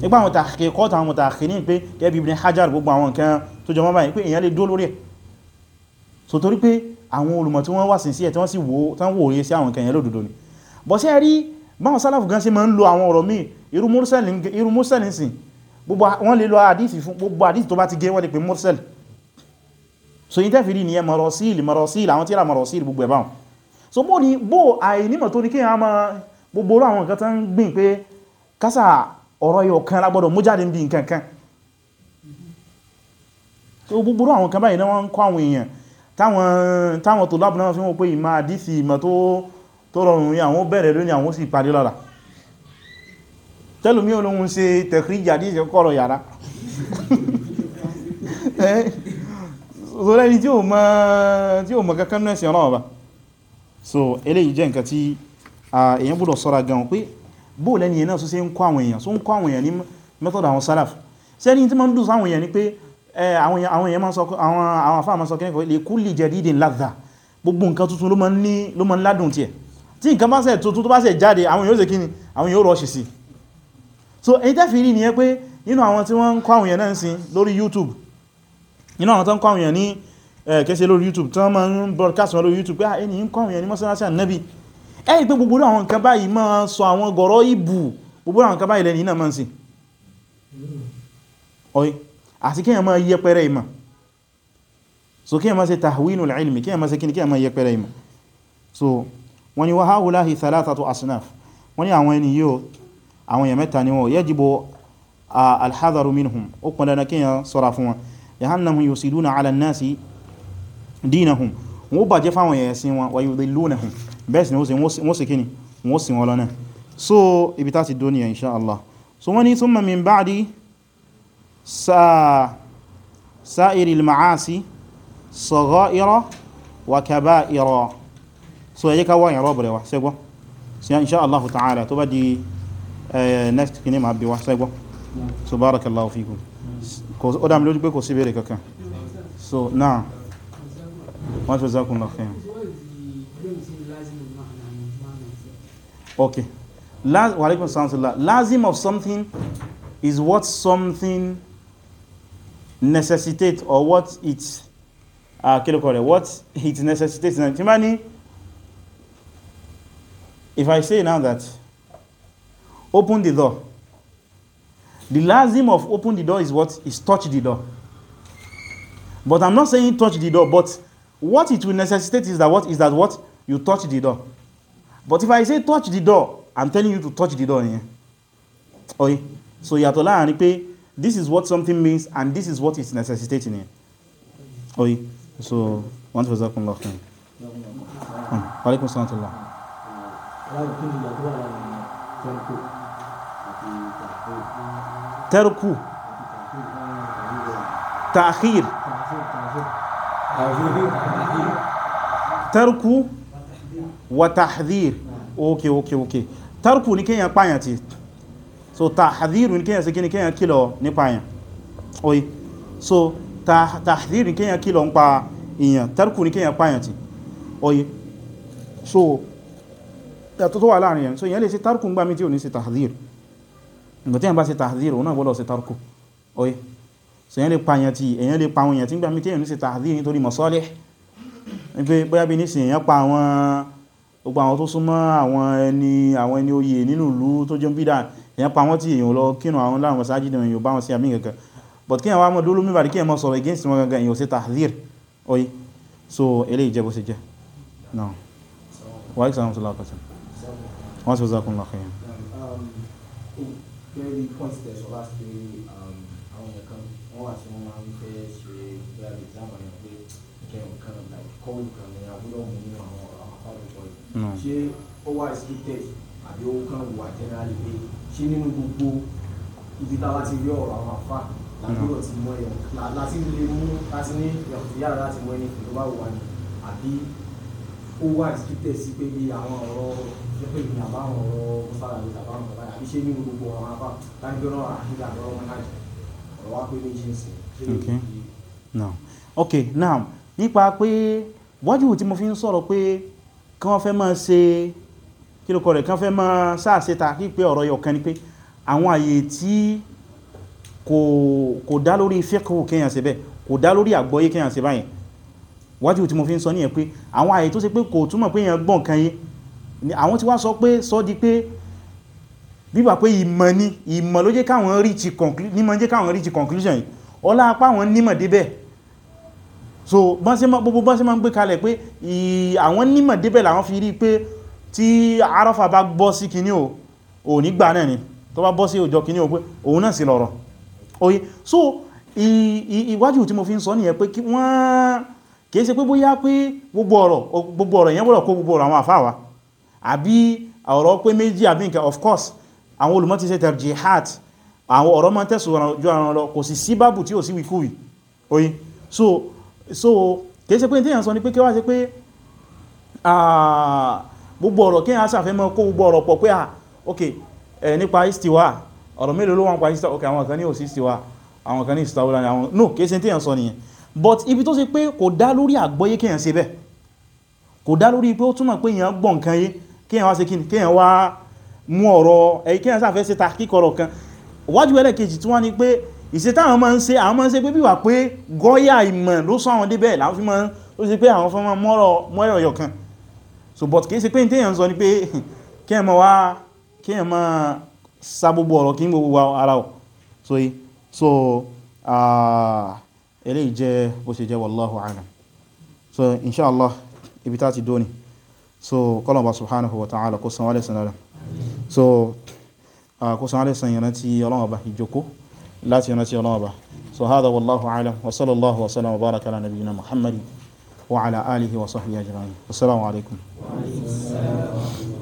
nípa àwọn tahqiqatu àwọn mutaakhirin pé gẹ́bí Ibn Hajar gbogbo àwọn nǹkan tó jọ mọ́ báyìí pé èyàn lè dúró lórí ẹ̀ so torí pé àwọn olùmọ̀ tí wọ́n wà sí ẹ̀ tí wọ́n sì wò tán wò rí sí àwọn nǹkan yẹn lódodo ni bọ́ sí ẹ̀rí báwọn sálàfù gan sí máa ń lo àwọn ọ̀rọ̀ míì irú mursal irú gbogbo wọ́n lè lo àdìsì fún gbogbo àdìsì tó bá ti gé wọ́n lè pè mursal so yín tẹ́fìrí ní ẹ mọ̀rọ̀síl mọ̀rọ̀síl àwọn tíra mọ̀rọ̀síl gbogbo ẹ̀báwọn so bó ní bó àìnímọ̀ tó ní kí a máa gbogbo orú àwọn nǹkan tó ń gbìn pé kásà ọ̀rọ̀ yóò kan lágbọ́dọ̀ mú jáde ń bí nǹkan kan so gbogbo orú àwọn nǹkan báyìí wọ́n ń kọ́ àwọn èèyàn táwọn tó lábùn náà fi wọ́n pé ìmá àdísì ìmọ̀ tó rọrùn ní àwọn bẹ̀rẹ̀ lónìí àwọn sì parí lára tẹ́lùmí olóhun ṣe tẹ̀kìrí ìjàdí ìṣẹ́kọ̀ọ̀rọ̀ yàrá eh? so lẹ́ni tí o mọ̀ tí o mọ̀ kankan náà sí ọ̀nà ọba ele eléyìí jẹ́ nǹkan tí èyàn gbọ́dọ̀ sọ́ra gan pé bóò lẹ́ni yẹn náà tó ṣe ń kọ́ àwọn èèyàn so ń kọ́ àwọn èèyàn ní method àwọn salaf sẹ́ni tí ma ń dùn sáwọn èèyàn ni pé àwọn èèyàn máa sọ àwọn afá máa sọ kẹ́kọ̀ọ́ lè kú lè jadidin ladha gbogbo nǹkan tuntun ló máa ń ní ló máa ń ládùn tiẹ̀ tí nǹkan bá ṣe tuntun tó bá ṣe jáde àwọn èèyàn ó ṣe kíni àwọn èèyàn ó rọ̀ ṣì sí so èyí tẹ́fì rí nìyẹn pé nínú àwọn tí wọ́n ń kọ́ àwọn èèyàn náà sin lórí YouTube nínú àwọn tó ń kọ́ àwọn ní kẹsẹ̀ lórí youtube tán máa ń broadcast wọn lórí youtube pé ah, ẹni ń kọ́ àwọn èèyàn ní mọ́sánásí ànábì ẹ̀yìn pé gbogbo àwọn nǹkan báyìí máa sọ àwọn gọ̀rọ̀ ìbù gbogbo àwọn nǹkan báyìí lẹ́ni náà máa ń sìn ọ̀yí àti kíyàn máa yẹpẹrẹ ìmọ̀ so kíyàn máa ṣe tahwinu so wọ́n wa haulahi thalathatu asnaf wọ́n ni àwọn ẹni yóò àwọn èèyàn mẹ́ta ni wọ́n yajibu al-hadaru minhum ó pọn annahum yusiluna ala an-nasi dinahum wọ́n bàjẹ́ fáwọn èèyàn sí wọn wa yudillunahum bẹ́ẹ̀ sì ni wọ́n sì kíni wọ́n sì wọn lọ́nà so ibi tá ti dó nìyàn insha Allah so wọ́n ni thumma min ba'di sa'iri al-ma'asi sagha'ira wa kaba'ira so ẹ̀yẹ́ ká wáyìn rọ́bùrẹ̀ wa sẹ́gbọ́ sí insha Allah ta'ala tó bá di eh, next kìnnìmà bí wa sẹ́gbọ́ so barakallahu fikum ó dá mi lójú pé kò sí ìbéèrè kankan so now wọ́n tó zákun lọ fẹ́ okay wàlẹ́kùn sáàmùsùlá lazim of something is what something necessitate or what it uh, kílùkọ̀ kore. what it necessitates na tí if I say now that open the door The lazim of open the door is what? Is touch the door. But I'm not saying touch the door, but what it will necessitate is that what? Is that what? You touch the door. But if I say touch the door, I'm telling you to touch the door. Yeah? Okay? So yàtọ̀ láàrin pé this is what something means and this is what it's necessitating it. Okay? So, wọ́n tí wọ́n lọ fún un. Wàlékún sọ́nà tó lọ. Aláàrùn kí ni ìyàtọ̀ wà láàrin tarku ta'khir tarku wa tahdhir okay okay okay tarku ni kéèyàn pààyàn ti so tahdhir ni kéèyàn ṣe kí ni kéèyàn kìlọ̀ ní pààyàn oye so tahdhir ni kéèyàn kìlọ̀ ń pa èèyàn tarku ni kéèyàn pààyàn ti oye so yàtọ̀ tó wà láàrin yẹn so èèyàn lè ṣe tarku ń gbá mi tí ò ní ṣe tahdhir nǹkan tí yàn bá ṣe tàhzírò náà gbọ́dọ̀ ṣe tarko oye so yẹn lè pa yẹn ti èyàn lè pa àwọn èyàn tí ń gbà mí tí èyàn ní ṣe tàhzírò nítorí mọ̀sọ́lẹ̀ pé bóyá bí nísìn èyàn pa àwọn gbogbo àwọn tó súnmọ́ àwọn ẹni àwọn ẹni oyè nínú ìlú tó jẹ́ bídà èyàn pa wọ́n tí èyàn lọ kírun àwọn láwọn sáájì náà èyàn bá wọn sí àmì kankan but kíyàn wá mọ́ dúró mímọ̀ kíyàn mọ́ sọ̀rọ̀ against wọn gangan èyàn ṣe tàhzírò oye so eléyìí jẹ́ bó ṣe jẹ́ náà wàhálà sàmùsùlá kọ̀ọ̀tún wọ́n sì ó zákùn lọ́kọ̀ọ́yìn kéré bíi point tẹ̀sán wá sí àwọn èèyàn kan wọ́n wà tí wọ́n máa ń fẹ́ ṣe bí a lè dá àwọn èèyàn pé kẹrin kan like kọ́wé kan ní abúlọ̀ mú nínú àwọn àpapọ̀ ìjọ yìí ṣé ó wà expected àbí ó kàn wà generally pé ṣé nínú gbogbo ibi táwa ti rí ọ̀rọ̀ àwọn àfa làbúrò ti mọ ẹ̀ láti lè mú láti ní ìyàrá láti mọ ẹni tó bá wà ní àbí ó wà expected sí pé bí àwọn ọ̀rọ̀ jẹ́ pé ìyìn àbáwọn ọ̀rọ̀ mọ́sára àti àbáwọn bàbá àbí ṣé ní gbogbo ọ̀rọ̀ apá táńgbẹ́rọ̀ àhídà lọ́rọ̀ mọ́nájì ọ̀rọ̀ wá pé méjì ń sìn. okay now okay now nípa pé wájú tí mo fi ń sọ̀rọ̀ pé kí wọ́n fẹ́ máa ṣe kí ló kọ rẹ̀ kí wọ́n fẹ́ máa sáàṣetà kí pé ọ̀rọ̀ yọ̀ kan ni pé àwọn àyè tí kò kò dá lórí fiqhu kéèyàn ṣe bẹ́ẹ̀ kò dá lórí àgbọ́yé ni àwọn tí wá sọ pé sọ di pé bíbà pé ìmọ̀ ni ìmọ̀ ló jẹ́ káwọn rí ti conclusion yìí ọlá apá wọn nímọ̀ débẹ̀ so gbogbo bọ́n sí ma ń gbé kalẹ̀ pé àwọn nímọ̀ débẹ̀ làwọn fi rí pé tí arọ́fà bá gbọ́ sí kíní o ò ní gbà náà ni tó bá bọ́ sí òjò kíní o pé òun náà sì lọ́rọ̀ oye so ìwájú tí mo fi ń sọ nìyẹn pé kí wọ́n kìí ṣe pé bóyá pé gbogbo ọ̀rọ̀ gbogbo ọ̀rọ̀ ìyẹn gbọ́dọ̀ kó gbogbo ọ̀rọ̀ àwọn àfáà wa àbí ọ̀rọ̀ pé méjì àbí nǹkan of course àwọn olùmọ̀ ti ṣe tarjihat àwọn ọ̀rọ̀ máa tẹ̀sù ju ara lọ kò sì sí bábù tí ò sí wíkúwì oyi so so kìí ṣe pé tíyàn sọ ni pé kí wá ṣe pé gbogbo ọ̀rọ̀ kí yàn sàfẹ́ mọ́ kó gbogbo ọ̀rọ̀ pọ̀ pé à ok nípa istiwa ọ̀rọ̀ mélòó ló wà nípa istiwa ok àwọn kan ní ò sí istiwa àwọn kan ní istiwa ní àwọn no kìí ṣe tíyàn sọ nìyẹn but ibi tó ṣe pé kò dá lórí àgbọ́yé kí yàn ṣe bẹ́ẹ̀ kò dá lórí pé ó túmọ̀ pé yàn gbọ́ nǹkan yìí kíyàn wá ṣe kíni kíyàn wá mú ọ̀rọ̀ ẹ̀yí kíyàn sáfẹ́ ṣe takíkọrọ̀ kan wájú ẹlẹ́kejì tí wọ́n ní pé ìṣe táwọn máa ń ṣe àwọn máa ń ṣe pé bí wà pé gọ́yà ìmọ̀ ló sọ àwọn débẹ̀ láwọn fi máa ó sì pé àwọn fọ́n máa mọ́rọ̀ mọ́rọ̀ yọ̀ kan so but kìí ṣe pé téèyàn sọ ni pé kíyàn máa wá kíyàn máa sa gbogbo ọ̀rọ̀ kí gbogbo ara ọ̀ so so eléyìí jẹ́ bó ṣe jẹ́ wallahu a'lam so inshallah ibi tá ti dóni so kọlọm bá subhanahu wa ta'ala kó san wálẹ̀ sanára so kó san wálẹ̀ san ìrántí ọlọ́wọ́ bá ìjókó láti ìrántí ọlọ́wọ́ bá so hada wallahu alam wa sallallahu wa sallam wa baraka ala nabi na muhammadi wa ala alihi wa sahbihi ajma'in assalamu alaikum wa alaikum assalam